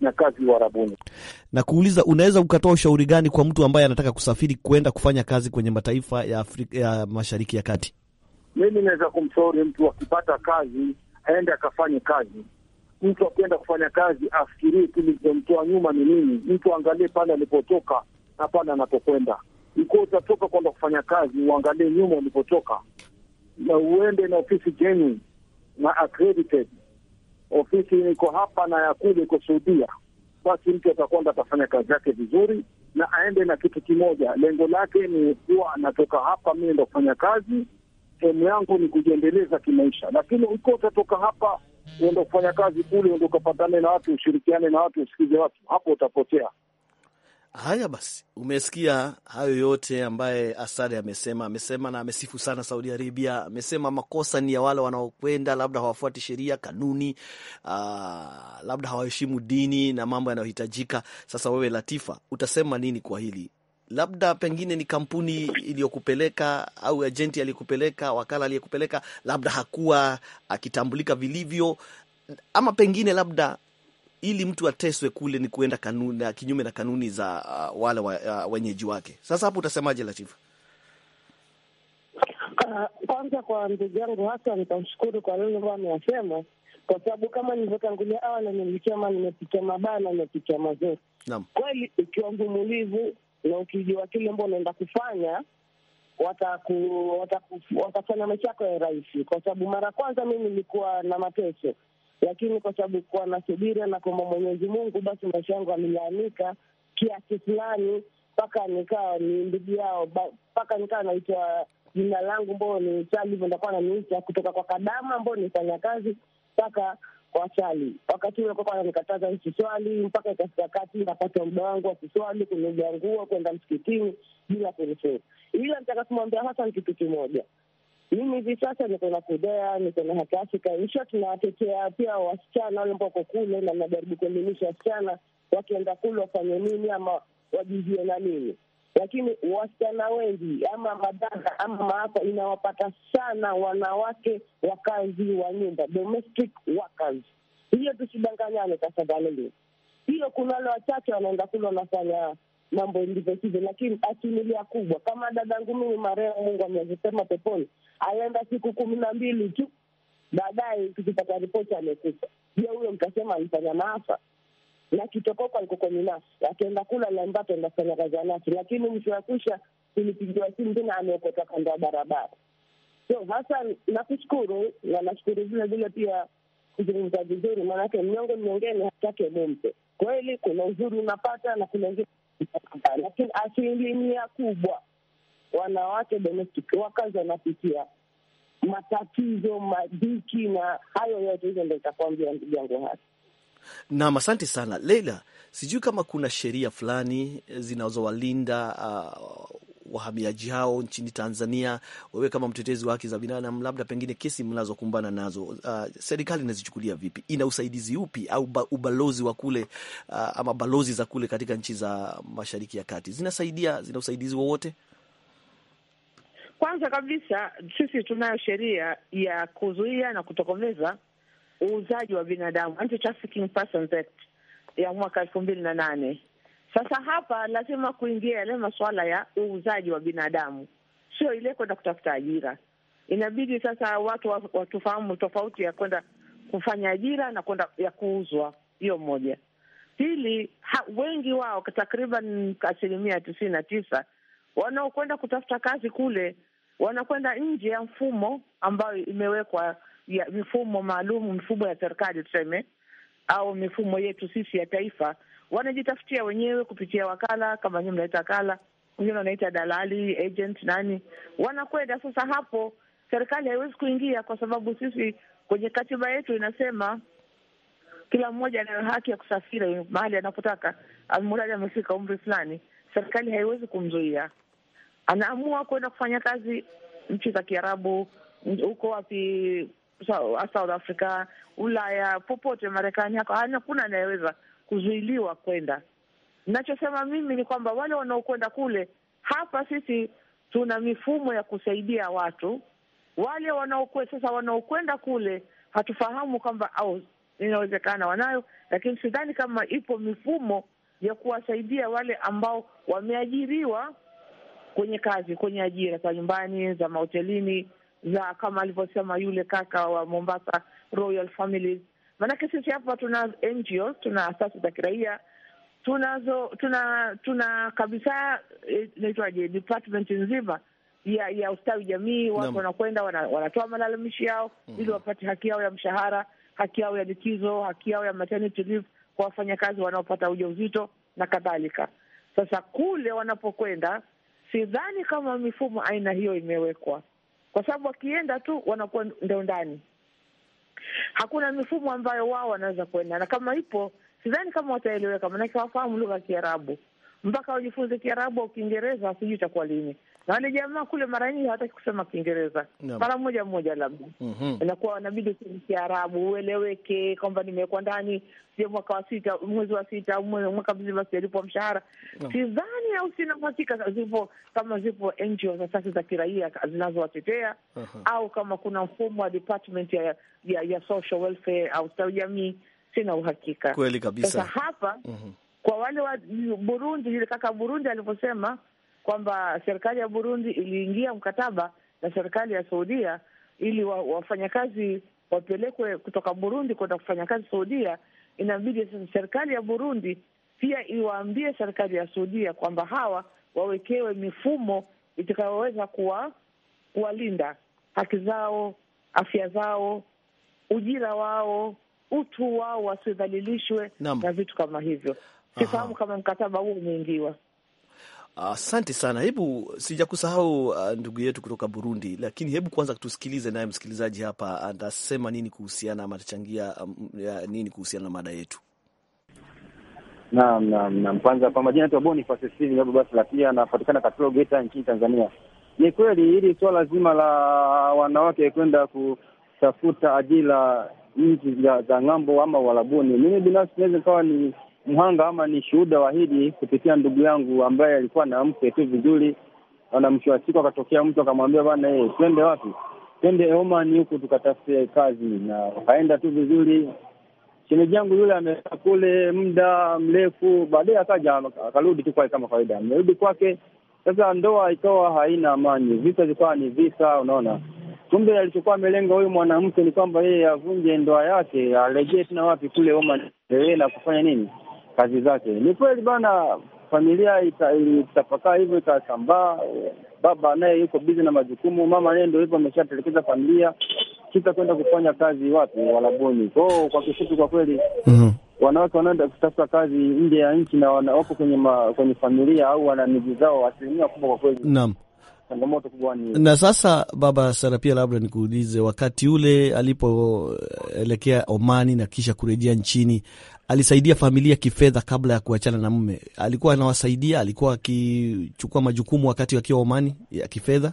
na kazi warabuni. Na kuuliza, unaweza ukatoa ushauri gani kwa mtu ambaye anataka kusafiri kwenda kufanya kazi kwenye mataifa ya Afrika ya Mashariki ya Kati? Mimi naweza kumshauri mtu akipata kazi aende akafanye kazi. Mtu akienda kufanya kazi afikirie kilichomtoa nyuma ni nini. Mtu aangalie pale alipotoka na pale anapokwenda. Ikuwa utatoka kwenda kufanya kazi, uangalie nyuma ulipotoka, na uende na ofisi genuine na accredited. Ofisi iko hapa na ya kule iko Saudia, basi mtu atakwenda atafanya kazi yake vizuri, na aende na kitu kimoja, lengo lake ni kuwa anatoka hapa, mi enda kufanya kazi sehemu yangu ni kujiendeleza kimaisha, lakini uko utatoka hapa uende kufanya kazi kule, uende ukapatane na watu, ushirikiane na watu, usikize watu, hapo utapotea. Haya basi, umesikia hayo yote ambaye Asad amesema. Amesema na amesifu sana Saudi Arabia. Amesema makosa ni ya wale wanaokwenda labda hawafuati sheria, kanuni, uh, labda hawaheshimu dini na mambo yanayohitajika. Sasa wewe Latifa, utasema nini kwa hili? labda pengine ni kampuni iliyokupeleka au ajenti aliyekupeleka, wakala aliyekupeleka, labda hakuwa akitambulika vilivyo, ama pengine labda ili mtu ateswe kule ni kuenda kanuni, kinyume na kanuni za uh, wale wa, uh, wenyeji wake. Sasa hapo utasemaje Latifa? Uh, kwanza kwa ndugu yangu hasa nitamshukuru kwa lile ambayo ameyasema, kwa sababu kama nilivyotangulia awali nilisema nimepitia mabaya na nimepitia mazuri. Kweli ukiwa mvumulivu na ukijua kile ambao unaenda kufanya wataku, wataku, watafanya maisha yako ya rahisi, kwa sababu mara kwanza mi nilikuwa na mateso, lakini kwa sababu kuwa na subira na kwamba Mwenyezi Mungu, basi maisha yangu alilaanika kiasi fulani mpaka nikawa ni ndugu yao, mpaka nikawa naitwa jina langu ambao ni Sali, ndakuwa naniita kutoka kwa Kadama ambao nifanya kazi mpaka waswali. Wakati huo kaka ananikataza nisiswali mpaka ikafika kati napata muda wangu wa kiswali kunuga nguo, kwenda msikitini bila kunusuru. Ila nitaka kumwambia ni kitu kimoja. Mimi hivi sasa niko na Kudea, niko na Haki Afrika, insha tunawatetea pia wasichana wale ambao wako kule, na najaribu kuelimisha wasichana wakienda kule wafanye nini ama wajizie na nini lakini wasichana wengi ama madada ama maafa inawapata sana wanawake wakazi wa nyumba, domestic workers. Hiyo tusidanganyane tafadhali. Hiyo kuna wale wachache wanaenda kule wanafanya mambo ndivyo sivyo, lakini asilimia kubwa kama dadangu mimi marehemu, Mungu amezisema peponi, alienda siku kumi na mbili tu, baadaye tukipata ripoti amekufa. Je, huyo mtasema alifanya maafa? na kitokoko alikoko akienda kula lambato enda kazi ya nasi, lakini mwisho wa kusha simu tena ameokota kando ya barabara. So hasa nakushukuru na nashukuru vile vile pia kuzungumza vizuri, maanake mnyongo mnyongeni hatake mumpe. Kweli kuna uzuri unapata na kuna ngi, lakini asilimia kubwa wanawake domestic wakazi wanapitia matatizo madiki na hayo yote, hizo ndo itakuambia ndugu yangu hasa Nam, asante sana Leila. Sijui kama kuna sheria fulani eh, zinazowalinda uh, wahamiaji hao nchini Tanzania. Wewe kama mtetezi wa haki za binadamu, labda pengine kesi mnazokumbana nazo, uh, serikali inazichukulia vipi? Ina usaidizi upi au ba, ubalozi wa kule uh, ama balozi za kule katika nchi za mashariki ya kati zinasaidia, zina usaidizi wowote? Kwanza kabisa sisi tunayo sheria ya kuzuia na kutokomeza uuzaji wa binadamu, Anti Trafficking Persons Act ya mwaka elfu mbili na nane. Sasa hapa lazima kuingia yale masuala ya uuzaji wa binadamu, sio ile kwenda kutafuta ajira. Inabidi sasa watu watufahamu tofauti ya kwenda kufanya ajira na kwenda ya kuuzwa. Hiyo moja. Pili, ha, wengi wao takriban asilimia tisini na tisa wanaokwenda kutafuta kazi kule wanakwenda nje ya mfumo ambayo imewekwa ya mifumo maalum, mifumo ya serikali tuseme, au mifumo yetu sisi ya taifa, wanajitafutia wenyewe kupitia wakala, kama nyinyi mnaita wakala, wengine wanaita dalali, agent, nani, wanakwenda sasa. Hapo serikali haiwezi kuingia, kwa sababu sisi kwenye katiba yetu inasema kila mmoja anayo haki ya kusafiri mahali anapotaka, mradi amefika umri fulani. Serikali haiwezi kumzuia, anaamua kwenda kufanya kazi nchi za Kiarabu, huko wapi, South Africa, Ulaya, popote Marekani, hako hakuna anayeweza kuzuiliwa kwenda. Nachosema mimi ni kwamba wale wanaokwenda kule, hapa sisi tuna mifumo ya kusaidia watu wale wanaokwe, sasa wanaokwenda kule hatufahamu kwamba au inawezekana wanayo, lakini sidhani kama ipo mifumo ya kuwasaidia wale ambao wameajiriwa kwenye kazi, kwenye ajira za nyumbani, za mahotelini za kama alivyosema yule kaka wa Mombasa Royal Families. Maanake sisi hapa tuna NGOs, tuna asasi za kiraia tunazo tuna tuna kabisa e, inaitwaje, department nzima ya ya ustawi jamii. Watu wanakwenda wana, wanatoa malalamishi yao mm -hmm. ili wapate haki yao ya mshahara, haki yao ya likizo, haki yao ya maternity leave kwa wafanyakazi wanaopata ujauzito na kadhalika. Sasa kule wanapokwenda, sidhani kama mifumo aina hiyo imewekwa kwa sababu wakienda tu wanakuwa ndio ndani. Hakuna mifumo ambayo wao wanaweza kuenda, na kama ipo sidhani kama wataeleweka, maanake hawafahamu lugha ya Kiarabu. Mpaka wajifunze Kiarabu au Kiingereza, sijui itakuwa lini na wale jamaa kule mara nyingi hawataki kusema Kiingereza mara moja moja labda mm -hmm. inakuwa wanabidi Kiarabu ueleweke kwamba nimekuwa ndani sio mwaka wa sita mwezi wa sita mwaka mzima sijalipwa mshahara Sidhani au sina uhakika zipo kama zipo NGO za sasa za kiraia zinazowatetea uh -huh. au kama kuna mfumo wa department ya, ya, ya social welfare au stawi jamii, sina uhakika kweli kabisa. Sasa hapa mm -hmm. kwa wale wa Burundi, yule kaka Burundi alivyosema kwamba serikali ya Burundi iliingia mkataba na serikali ya Saudia ili wa, wafanyakazi wapelekwe kutoka Burundi kwenda kufanya kazi Saudia. Inabidi sasa serikali ya Burundi pia iwaambie serikali ya Saudia kwamba hawa wawekewe mifumo itakayoweza kuwa kuwalinda haki zao, afya zao, ujira wao, utu wao, wasidhalilishwe na vitu kama hivyo. Sifahamu kama mkataba huo umeingiwa. Asante uh, sana. Hebu sijakusahau uh, ndugu yetu kutoka Burundi, lakini hebu kwanza tusikilize naye msikilizaji hapa atasema nini kuhusiana ama atachangia um, nini kuhusiana na mada yetu. Naam, naam, naam. Kwanza kwa majina yetu Boniface Steven hapo basi la pia anapatikana katika Geita nchini Tanzania. Ni kweli hili swala zima la wanawake kwenda kutafuta ajira nchi za ng'ambo ama walabuni, mimi binafsi naweza nikawa ni mhanga ama ni shuhuda wa hili kupitia ndugu yangu ambaye alikuwa na mke tu vizuri, na mwisho wa siku akatokea mtu akamwambia, bwana yeye, eh, twende wapi? Twende Oman huku tukatafute kazi, na wakaenda tu vizuri. Shemeji yangu yule amekaa kule muda mrefu, baadaye akaja akarudi tu kwake kama kawaida, amerudi kwake. Sasa ndoa ikawa haina amani, visa vikawa ni visa, unaona. Kumbe alichokuwa amelenga huyu mwanamke ni kwamba yeye avunje ndoa yake, arejee tena wapi kule Oman, endelee eh, na kufanya nini kazi zake. Ni kweli bana, familia ilitapakaa hivyo ikasambaa. Baba naye yuko bizi na majukumu, mama naye ndo hivyo ameshatelekeza familia kita kwenda kufanya kazi wapi, walabuni kwao. Kwa kifupi, kwa kweli mm-hmm. wanawake wanaenda kutafuta kazi nje ya nchi na wako kwenye ma, kwenye familia au wana miji zao asilimia kubwa kwa kweli. Naam changamoto kubwa ni na. Sasa Baba Sara, pia labda nikuulize, wakati ule alipoelekea Omani na kisha kurejea nchini, alisaidia familia kifedha kabla ya kuachana na mume? Alikuwa anawasaidia, alikuwa akichukua majukumu wakati akiwa Omani ya kifedha?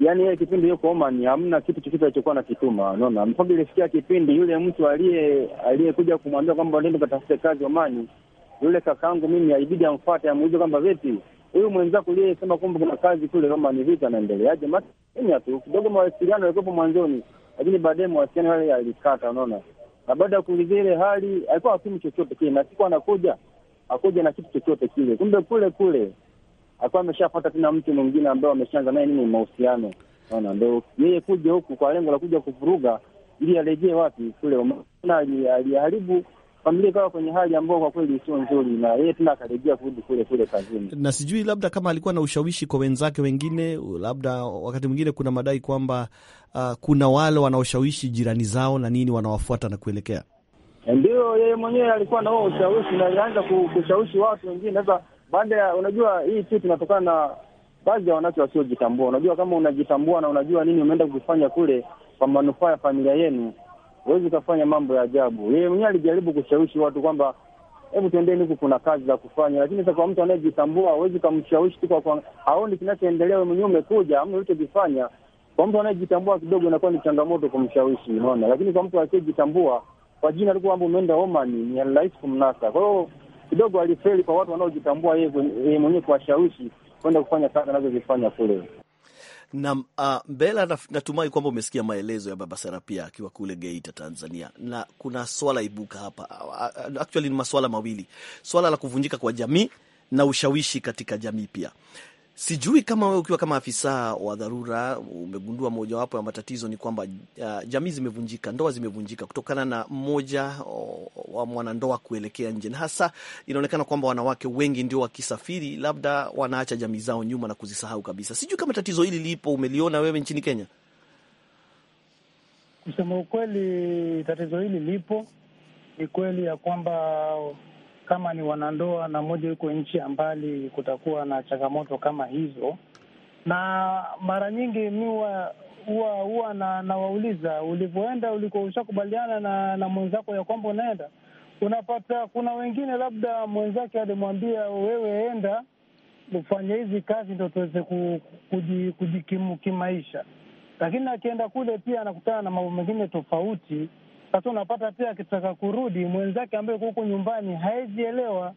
Yaani yeye kipindi yuko Omani hamna kitu chochote alichokuwa nakituma, unaona. Mpaka ilifikia kipindi yule mtu aliye aliyekuja kumwambia kwamba nenda katafute kazi Omani, yule kakaangu mimi, aibidi amfuate amuulize kwamba vipi huyu mwenzako uliyesema kwamba kuna kazi kule, kama ni vita anaendeleaje? Masenya tu kidogo, mawasiliano yalikuwepo mwanzoni, lakini baadaye mawasiliano yale yalikata, unaona. Na baada ya kuulizia ile hali, alikuwa hakimu chochote kile, na siku anakuja akuja na kitu chochote kile, kumbe kule kule alikuwa ameshafuata tena mtu mwingine ambaye ameshaanza naye nini mahusiano, unaona. Ndo yeye kuja huku kwa lengo la kuja kuvuruga, ili arejee wapi kule, na aliharibu ali, familia ikawa kwenye hali ambayo kwa kweli sio nzuri, na yeye tena akarejea kurudi kule kule kazini. Na sijui labda kama alikuwa na ushawishi kwa wenzake wengine, labda wakati mwingine kuna madai kwamba uh, kuna wale wanaoshawishi jirani zao na nini, wanawafuata na kuelekea. Eh, ndio yeye mwenyewe alikuwa na huo ushawishi na alianza kushawishi watu wengine. Sasa baada ya, unajua hii kitu inatokana na baadhi ya wanawake wasiojitambua. Unajua, kama unajitambua na unajua nini umeenda kufanya kule kwa manufaa ya familia yenu huwezi kafanya mambo ya ajabu. Yeye mwenyewe alijaribu kushawishi watu kwamba hebu tuendeni huku, kuna kazi za kufanya. Lakini sasa, kwa mtu anayejitambua huwezi kamshawishi tu kwa haoni kinachoendelea, mwenyewe umekuja amna ulichokifanya. Kwa mtu anayejitambua kidogo, inakuwa ni changamoto kumshawishi, unaona. Lakini kwa mtu asiyejitambua, kwa jina tu kwamba umeenda Oman, ni rahisi kumnasa. Kwa hiyo kidogo alifeli kwa watu wanaojitambua yeye mwenyewe kuwashawishi kwenda kufanya kazi anazozifanya kule na uh, ah, Mbela natumai kwamba umesikia maelezo ya Baba Serapia akiwa kule Geita, Tanzania, na kuna swala ibuka hapa, ah, ah, actually ni maswala mawili, swala la kuvunjika kwa jamii na ushawishi katika jamii pia. Sijui kama wewe ukiwa kama afisa wa dharura umegundua mojawapo ya matatizo ni kwamba uh, jamii zimevunjika, ndoa zimevunjika kutokana na mmoja uh, wa mwanandoa kuelekea nje, na hasa inaonekana kwamba wanawake wengi ndio wakisafiri, labda wanaacha jamii zao nyuma na kuzisahau kabisa. Sijui kama tatizo hili lipo, umeliona wewe nchini Kenya? Kusema ukweli, tatizo hili lipo. Ni kweli ya kwamba kama ni wanandoa na mmoja yuko nchi ya mbali, kutakuwa na changamoto kama hizo. Na mara nyingi mi huwa huwa na nawauliza, ulivyoenda uliko ushakubaliana na na mwenzako ya kwamba unaenda. Unapata kuna wengine labda mwenzake alimwambia wewe, enda ufanye hizi kazi ndo tuweze kujikimu kimaisha, lakini akienda kule pia anakutana na mambo mengine tofauti sasa unapata pia akitaka kurudi mwenzake ambaye huko nyumbani haejielewa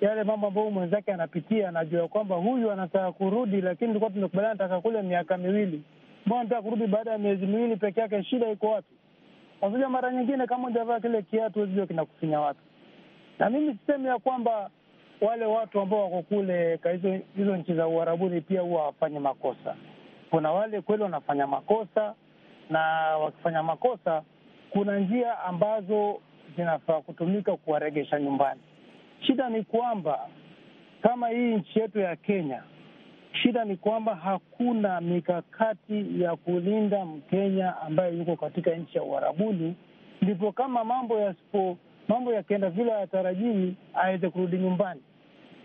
yale mambo ambayo mwenzake anapitia, anajua kwamba huyu anataka kurudi, lakini tulikuwa tumekubaliana nataka kule miaka miwili, mbona anataka kurudi baada ya miezi miwili peke yake? Shida iko wapi? Wazua mara nyingine, kama ujavaa kile kiatu wezijua kinakufinya wapi. Na mimi sisemi ya kwamba wale watu ambao wako kule hizo nchi za uharabuni pia huwa hawafanyi makosa. Kuna wale kweli wanafanya makosa, na wakifanya makosa kuna njia ambazo zinafaa kutumika kuwaregesha nyumbani. Shida ni kwamba kama hii nchi yetu ya Kenya, shida ni kwamba hakuna mikakati ya kulinda Mkenya ambaye yuko katika nchi ya Uarabuni, ndipo kama mambo yasipo mambo yakienda vile yatarajiwi, aweze kurudi nyumbani.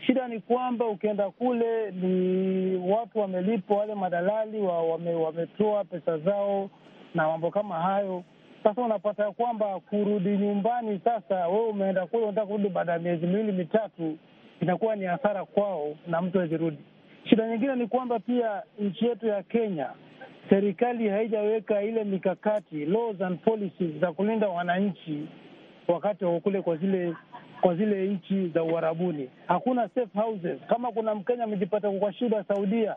Shida ni kwamba ukienda kule ni watu wamelipwa, wale madalali wametoa wame pesa zao na mambo kama hayo sasa unapata ya kwamba kurudi nyumbani, sasa wewe umeenda kule, unataka kurudi baada ya miezi miwili mitatu, inakuwa ni hasara kwao na mtu awezirudi. Shida nyingine ni kwamba pia nchi yetu ya Kenya serikali haijaweka ile mikakati laws and policies za kulinda wananchi wakati wako kule kwa zile kwa zile nchi za uharabuni Hakuna safe houses. Kama kuna Mkenya amejipata kwa shida Saudia,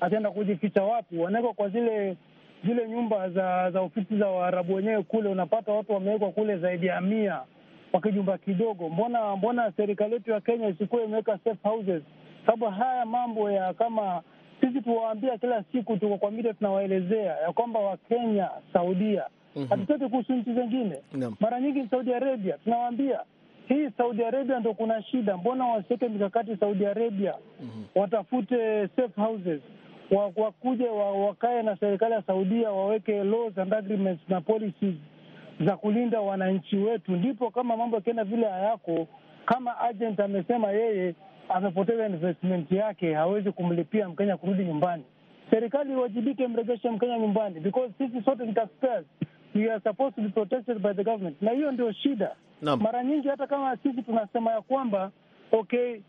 ataenda kujificha wapi? Wanawekwa kwa zile zile nyumba za za ofisi za Waarabu wenyewe kule, unapata watu wamewekwa kule zaidi ya mia kwa kijumba kidogo. Mbona mbona serikali yetu ya Kenya isikuwa imeweka safe houses? Sababu haya mambo ya kama sisi tuwaambia kila siku, tuko kwa media tunawaelezea ya kwamba Wakenya Saudia mhm. hatutaki mm -hmm. kuhusu nchi zingine no. Mara nyingi Saudi Arabia tunawaambia hii Saudi Arabia ndo kuna shida, mbona wasiweke mikakati Saudi Arabia? mm -hmm. Watafute safe houses wakuja wa, wakae na serikali ya Saudia waweke laws and agreements na policies za kulinda wananchi wetu, ndipo kama mambo yakienda vile hayako, kama agent amesema yeye amepoteza investment yake, hawezi kumlipia Mkenya kurudi nyumbani, serikali iwajibike, mregeshe Mkenya nyumbani, because sisi sote ni taxpayers, we are supposed to be protected by the government. Na hiyo ndio shida no. Mara nyingi hata kama sisi tunasema ya kwamba okay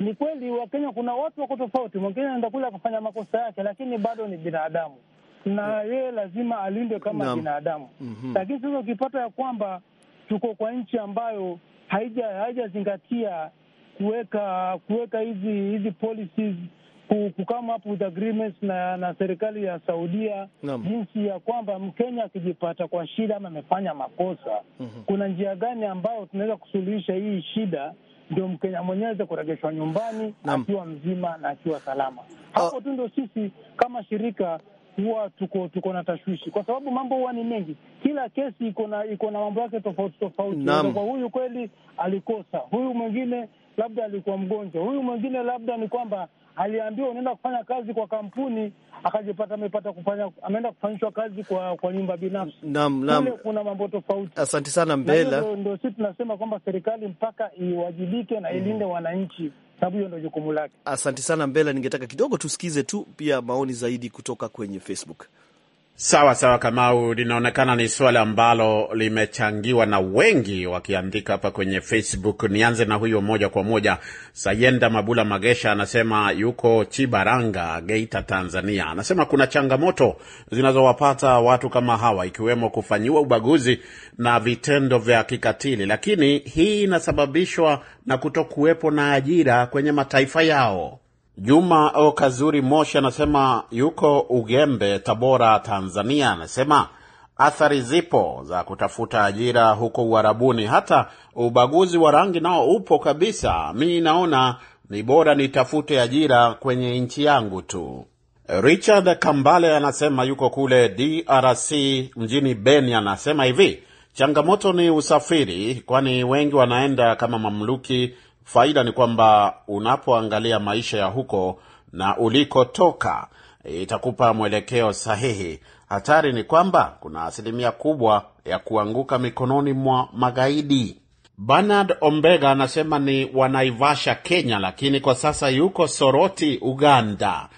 ni kweli Wakenya kuna watu wako tofauti, mwingine anaenda kule akafanya makosa yake, lakini bado ni binadamu na yeye lazima alindwe kama no. binadamu mm -hmm. Lakini sasa ukipata ya kwamba tuko kwa nchi ambayo haija haijazingatia kuweka kuweka hizi hizi policies kukama up with agreements na na serikali ya Saudia no. jinsi ya kwamba Mkenya akijipata kwa shida ama amefanya makosa mm -hmm. kuna njia gani ambayo tunaweza kusuluhisha hii shida ndio Mkenya mwenyewe aweze kurejeshwa nyumbani akiwa mzima na akiwa salama. Ah. Hapo tu ndio sisi kama shirika huwa tuko tuko na tashwishi, kwa sababu mambo huwa ni mengi. Kila kesi iko na iko na mambo yake tofauti tofauti. Kwa huyu kweli alikosa, huyu mwingine labda alikuwa mgonjwa, huyu mwingine labda ni kwamba aliambiwa unaenda kufanya kazi kwa kampuni, akajipata amepata kufanya, ameenda kufanyishwa kazi kwa kwa nyumba binafsi. Naam, naam, kuna mambo tofauti. Asante sana Mbela. Ndio sisi tunasema kwamba serikali mpaka iwajibike na ilinde mm, wananchi sababu hiyo ndio jukumu lake. Asante sana Mbela, ningetaka kidogo tusikize tu pia maoni zaidi kutoka kwenye Facebook. Sawa sawa, Kamau, linaonekana ni suala ambalo limechangiwa na wengi wakiandika hapa kwenye Facebook. Nianze na huyo moja kwa moja. Sayenda Mabula Magesha anasema yuko Chibaranga, Geita, Tanzania. Anasema kuna changamoto zinazowapata watu kama hawa, ikiwemo kufanyiwa ubaguzi na vitendo vya kikatili, lakini hii inasababishwa na kutokuwepo na ajira kwenye mataifa yao. Juma O Kazuri Moshi anasema yuko Ugembe, Tabora, Tanzania. Anasema athari zipo za kutafuta ajira huko Uarabuni, hata ubaguzi wa rangi nao upo kabisa. Mi naona ni bora nitafute ajira kwenye nchi yangu tu. Richard Kambale anasema yuko kule DRC mjini Beni. Anasema hivi changamoto ni usafiri, kwani wengi wanaenda kama mamluki Faida ni kwamba unapoangalia maisha ya huko na ulikotoka e, itakupa mwelekeo sahihi. Hatari ni kwamba kuna asilimia kubwa ya kuanguka mikononi mwa magaidi. Bernard Ombega anasema ni wanaivasha Kenya, lakini kwa sasa yuko Soroti, Uganda.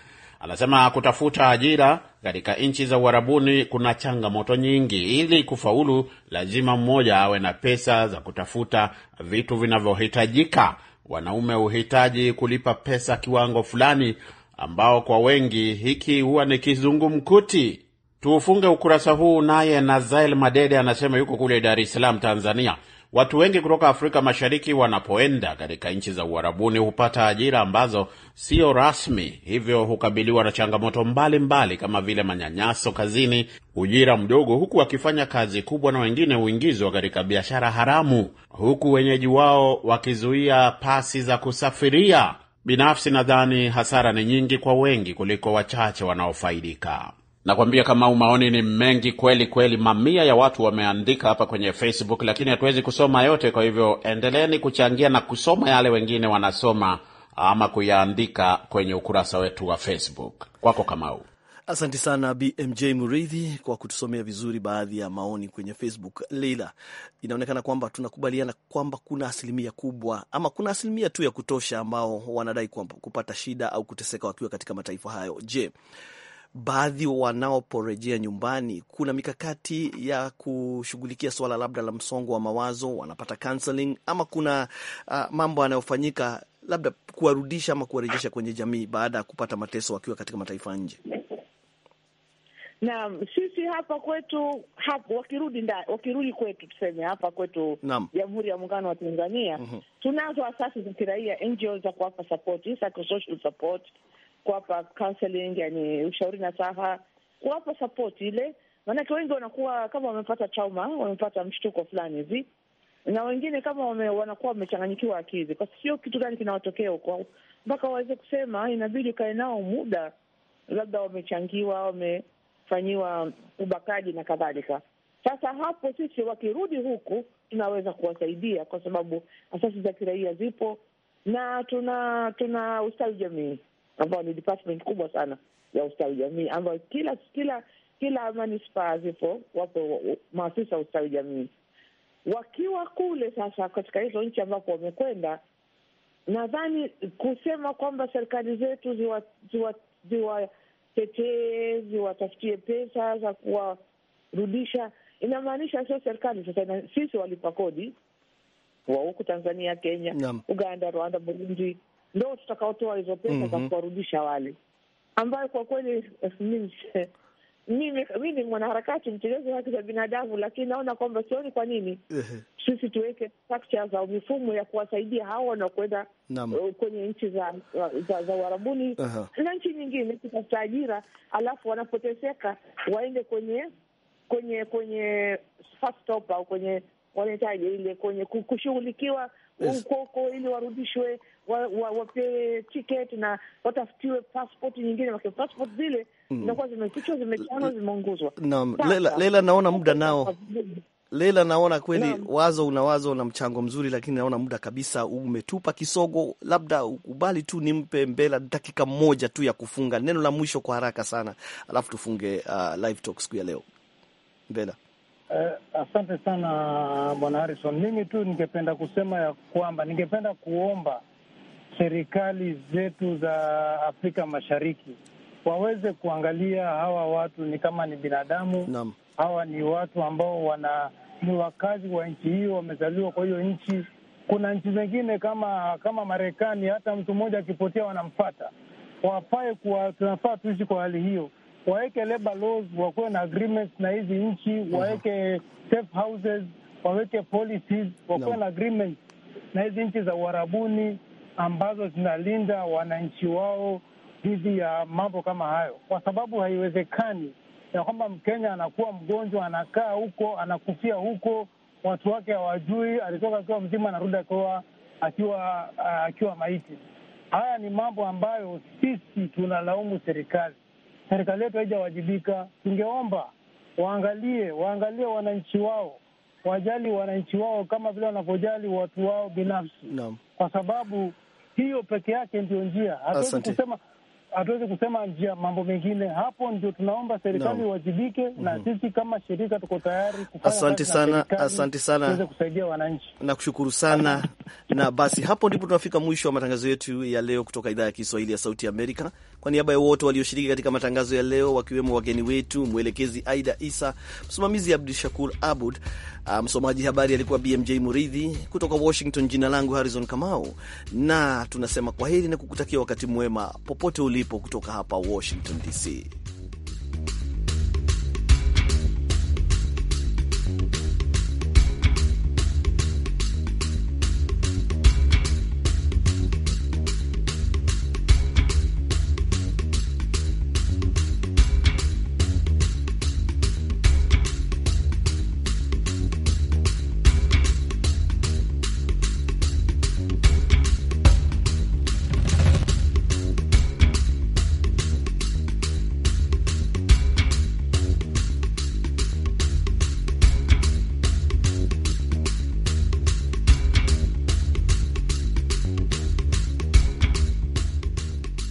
Anasema kutafuta ajira katika nchi za uharabuni kuna changamoto nyingi. Ili kufaulu, lazima mmoja awe na pesa za kutafuta vitu vinavyohitajika. Wanaume huhitaji kulipa pesa kiwango fulani, ambao kwa wengi hiki huwa ni kizungumkuti. Tuufunge ukurasa huu naye Nazael Madede anasema yuko kule Dar es Salaam, Tanzania. Watu wengi kutoka Afrika Mashariki wanapoenda katika nchi za Uarabuni hupata ajira ambazo sio rasmi, hivyo hukabiliwa na changamoto mbalimbali mbali, kama vile manyanyaso kazini, ujira mdogo, huku wakifanya kazi kubwa, na wengine huingizwa katika biashara haramu, huku wenyeji wao wakizuia pasi za kusafiria. Binafsi nadhani hasara ni nyingi kwa wengi kuliko wachache wanaofaidika. Nakwambia kama maoni ni mengi kweli kweli, mamia ya watu wameandika hapa kwenye Facebook, lakini hatuwezi kusoma yote. Kwa hivyo endeleeni kuchangia na kusoma yale wengine wanasoma ama kuyaandika kwenye ukurasa wetu wa Facebook. Kwako Kamau. Asante sana BMJ Muridhi kwa kutusomea vizuri baadhi ya maoni kwenye Facebook. Leila, inaonekana kwamba tunakubaliana kwamba kuna asilimia kubwa ama kuna asilimia tu ya kutosha ambao wanadai kwamba kupata shida au kuteseka wakiwa katika mataifa hayo. Je, baadhi wanaoporejea nyumbani, kuna mikakati ya kushughulikia swala labda la msongo wa mawazo, wanapata counseling ama kuna uh, mambo yanayofanyika labda kuwarudisha ama kuwarejesha kwenye jamii baada ya kupata mateso wakiwa katika mataifa nje? na sisi hapa kwetu hapo, wakirudi nda, wakirudi kwetu tuseme hapa kwetu Jamhuri ya Muungano wa Tanzania mm -hmm. Tunazo asasi za kiraia NGO za kuwapa support, psychosocial support, kuwapa counseling, yani ushauri na saha, kuwapa support ile, maanake wengi wanakuwa kama wamepata trauma, wamepata mshtuko fulani hivi, na wengine kama wame, wanakuwa wamechanganyikiwa akili, kwa sio kitu gani kinawatokea huko mpaka waweze kusema, inabidi ukae nao muda, labda wamechangiwa wame kufanyiwa ubakaji na kadhalika. Sasa hapo sisi wakirudi huku tunaweza kuwasaidia kwa sababu asasi za kiraia zipo na tuna tuna ustawi jamii ambao ni department kubwa sana ya ustawi jamii ambayo kila kila kila manispaa zipo, wapo maafisa wa ustawi jamii. Wakiwa kule sasa katika hizo nchi ambapo wamekwenda, nadhani kusema kwamba serikali zetu ziwa, ziwa, ziwa tetezi watafutie pesa za kuwarudisha. Inamaanisha sio serikali sasa, sisi walipa kodi wa huku Tanzania, Kenya, Nam. Uganda, Rwanda, Burundi ndo tutakaotoa hizo pesa za mm -hmm. kuwarudisha wale ambayo kwa kweli eh, mimi mi ni mwanaharakati mtetezi haki za binadamu, lakini naona kwamba sioni kwa nini sisi tuweke structures au mifumo ya kuwasaidia hao wanaokwenda uh, kwenye nchi za za, za uharabuni uh -huh. na nchi nyingine kutafuta ajira, alafu wanapoteseka waende kwenye kwenye kwenye first stop au kwenye wanahitaji ile kwenye kushughulikiwa ukoko yes. ili warudishwe wapewe wa, wa tiketi na watafutiwe passport nyingine, passport zile zinakuwa mm. zimefichwa, zimechanwa, zimeongozwa. Naam, Leila, naona muda nao Lela, naona kweli na, wazo una wazo na mchango mzuri, lakini naona muda kabisa umetupa kisogo. Labda ukubali tu nimpe Mbela dakika moja tu ya kufunga neno la mwisho kwa haraka sana, alafu tufunge uh, live talk siku ya leo. Mbela. Uh, eh, asante sana bwana Harrison. Mimi tu ningependa kusema ya kwamba ningependa kuomba serikali zetu za Afrika Mashariki waweze kuangalia hawa watu ni kama ni binadamu Nam. hawa ni watu ambao wana ni wakazi wa nchi hiyo, wamezaliwa kwa hiyo nchi. Kuna nchi zingine kama kama Marekani, hata mtu mmoja akipotea wanamfata. Wafae kuwa tunafaa tuishi kwa hali hiyo, waweke labor laws, wakuwe na agreements na hizi nchi, mhm. waweke safe houses, waweke policies, wakuwe na agreements na hizi nchi za uharabuni ambazo zinalinda wananchi wao dhidi ya mambo kama hayo, kwa sababu haiwezekani ya kwamba Mkenya anakuwa mgonjwa, anakaa huko, anakufia huko, watu wake hawajui alitoka akiwa mzima, anarudi akiwa akiwa akiwa maiti. Haya ni mambo ambayo sisi tunalaumu serikali. Serikali yetu haijawajibika. Tungeomba waangalie, waangalie wananchi wao, wajali wananchi wao kama vile wanavyojali watu wao binafsi no. kwa sababu hiyo peke yake ndio njia. Hatuwezi kusema hatuwezi kusema njia mambo mengine hapo. Ndio tunaomba serikali iwajibike no. mm -hmm. na mhm. sisi kama shirika tuko tayari kufanya. Asante sana, asante sana, kusaidia wananchi. Nakushukuru sana na basi, hapo ndipo tunafika mwisho wa matangazo yetu ya leo kutoka idhaa ya Kiswahili ya Sauti Amerika. Kwa niaba ya wote walioshiriki katika matangazo ya leo, wakiwemo wageni wetu, mwelekezi Aida Isa, msimamizi Abdu Shakur Abud, ah, msomaji habari alikuwa BMJ Muridhi kutoka Washington. Jina langu Harrison Kamau na tunasema kwa heri na kukutakia wakati mwema popote uli ulipo kutoka hapa Washington DC.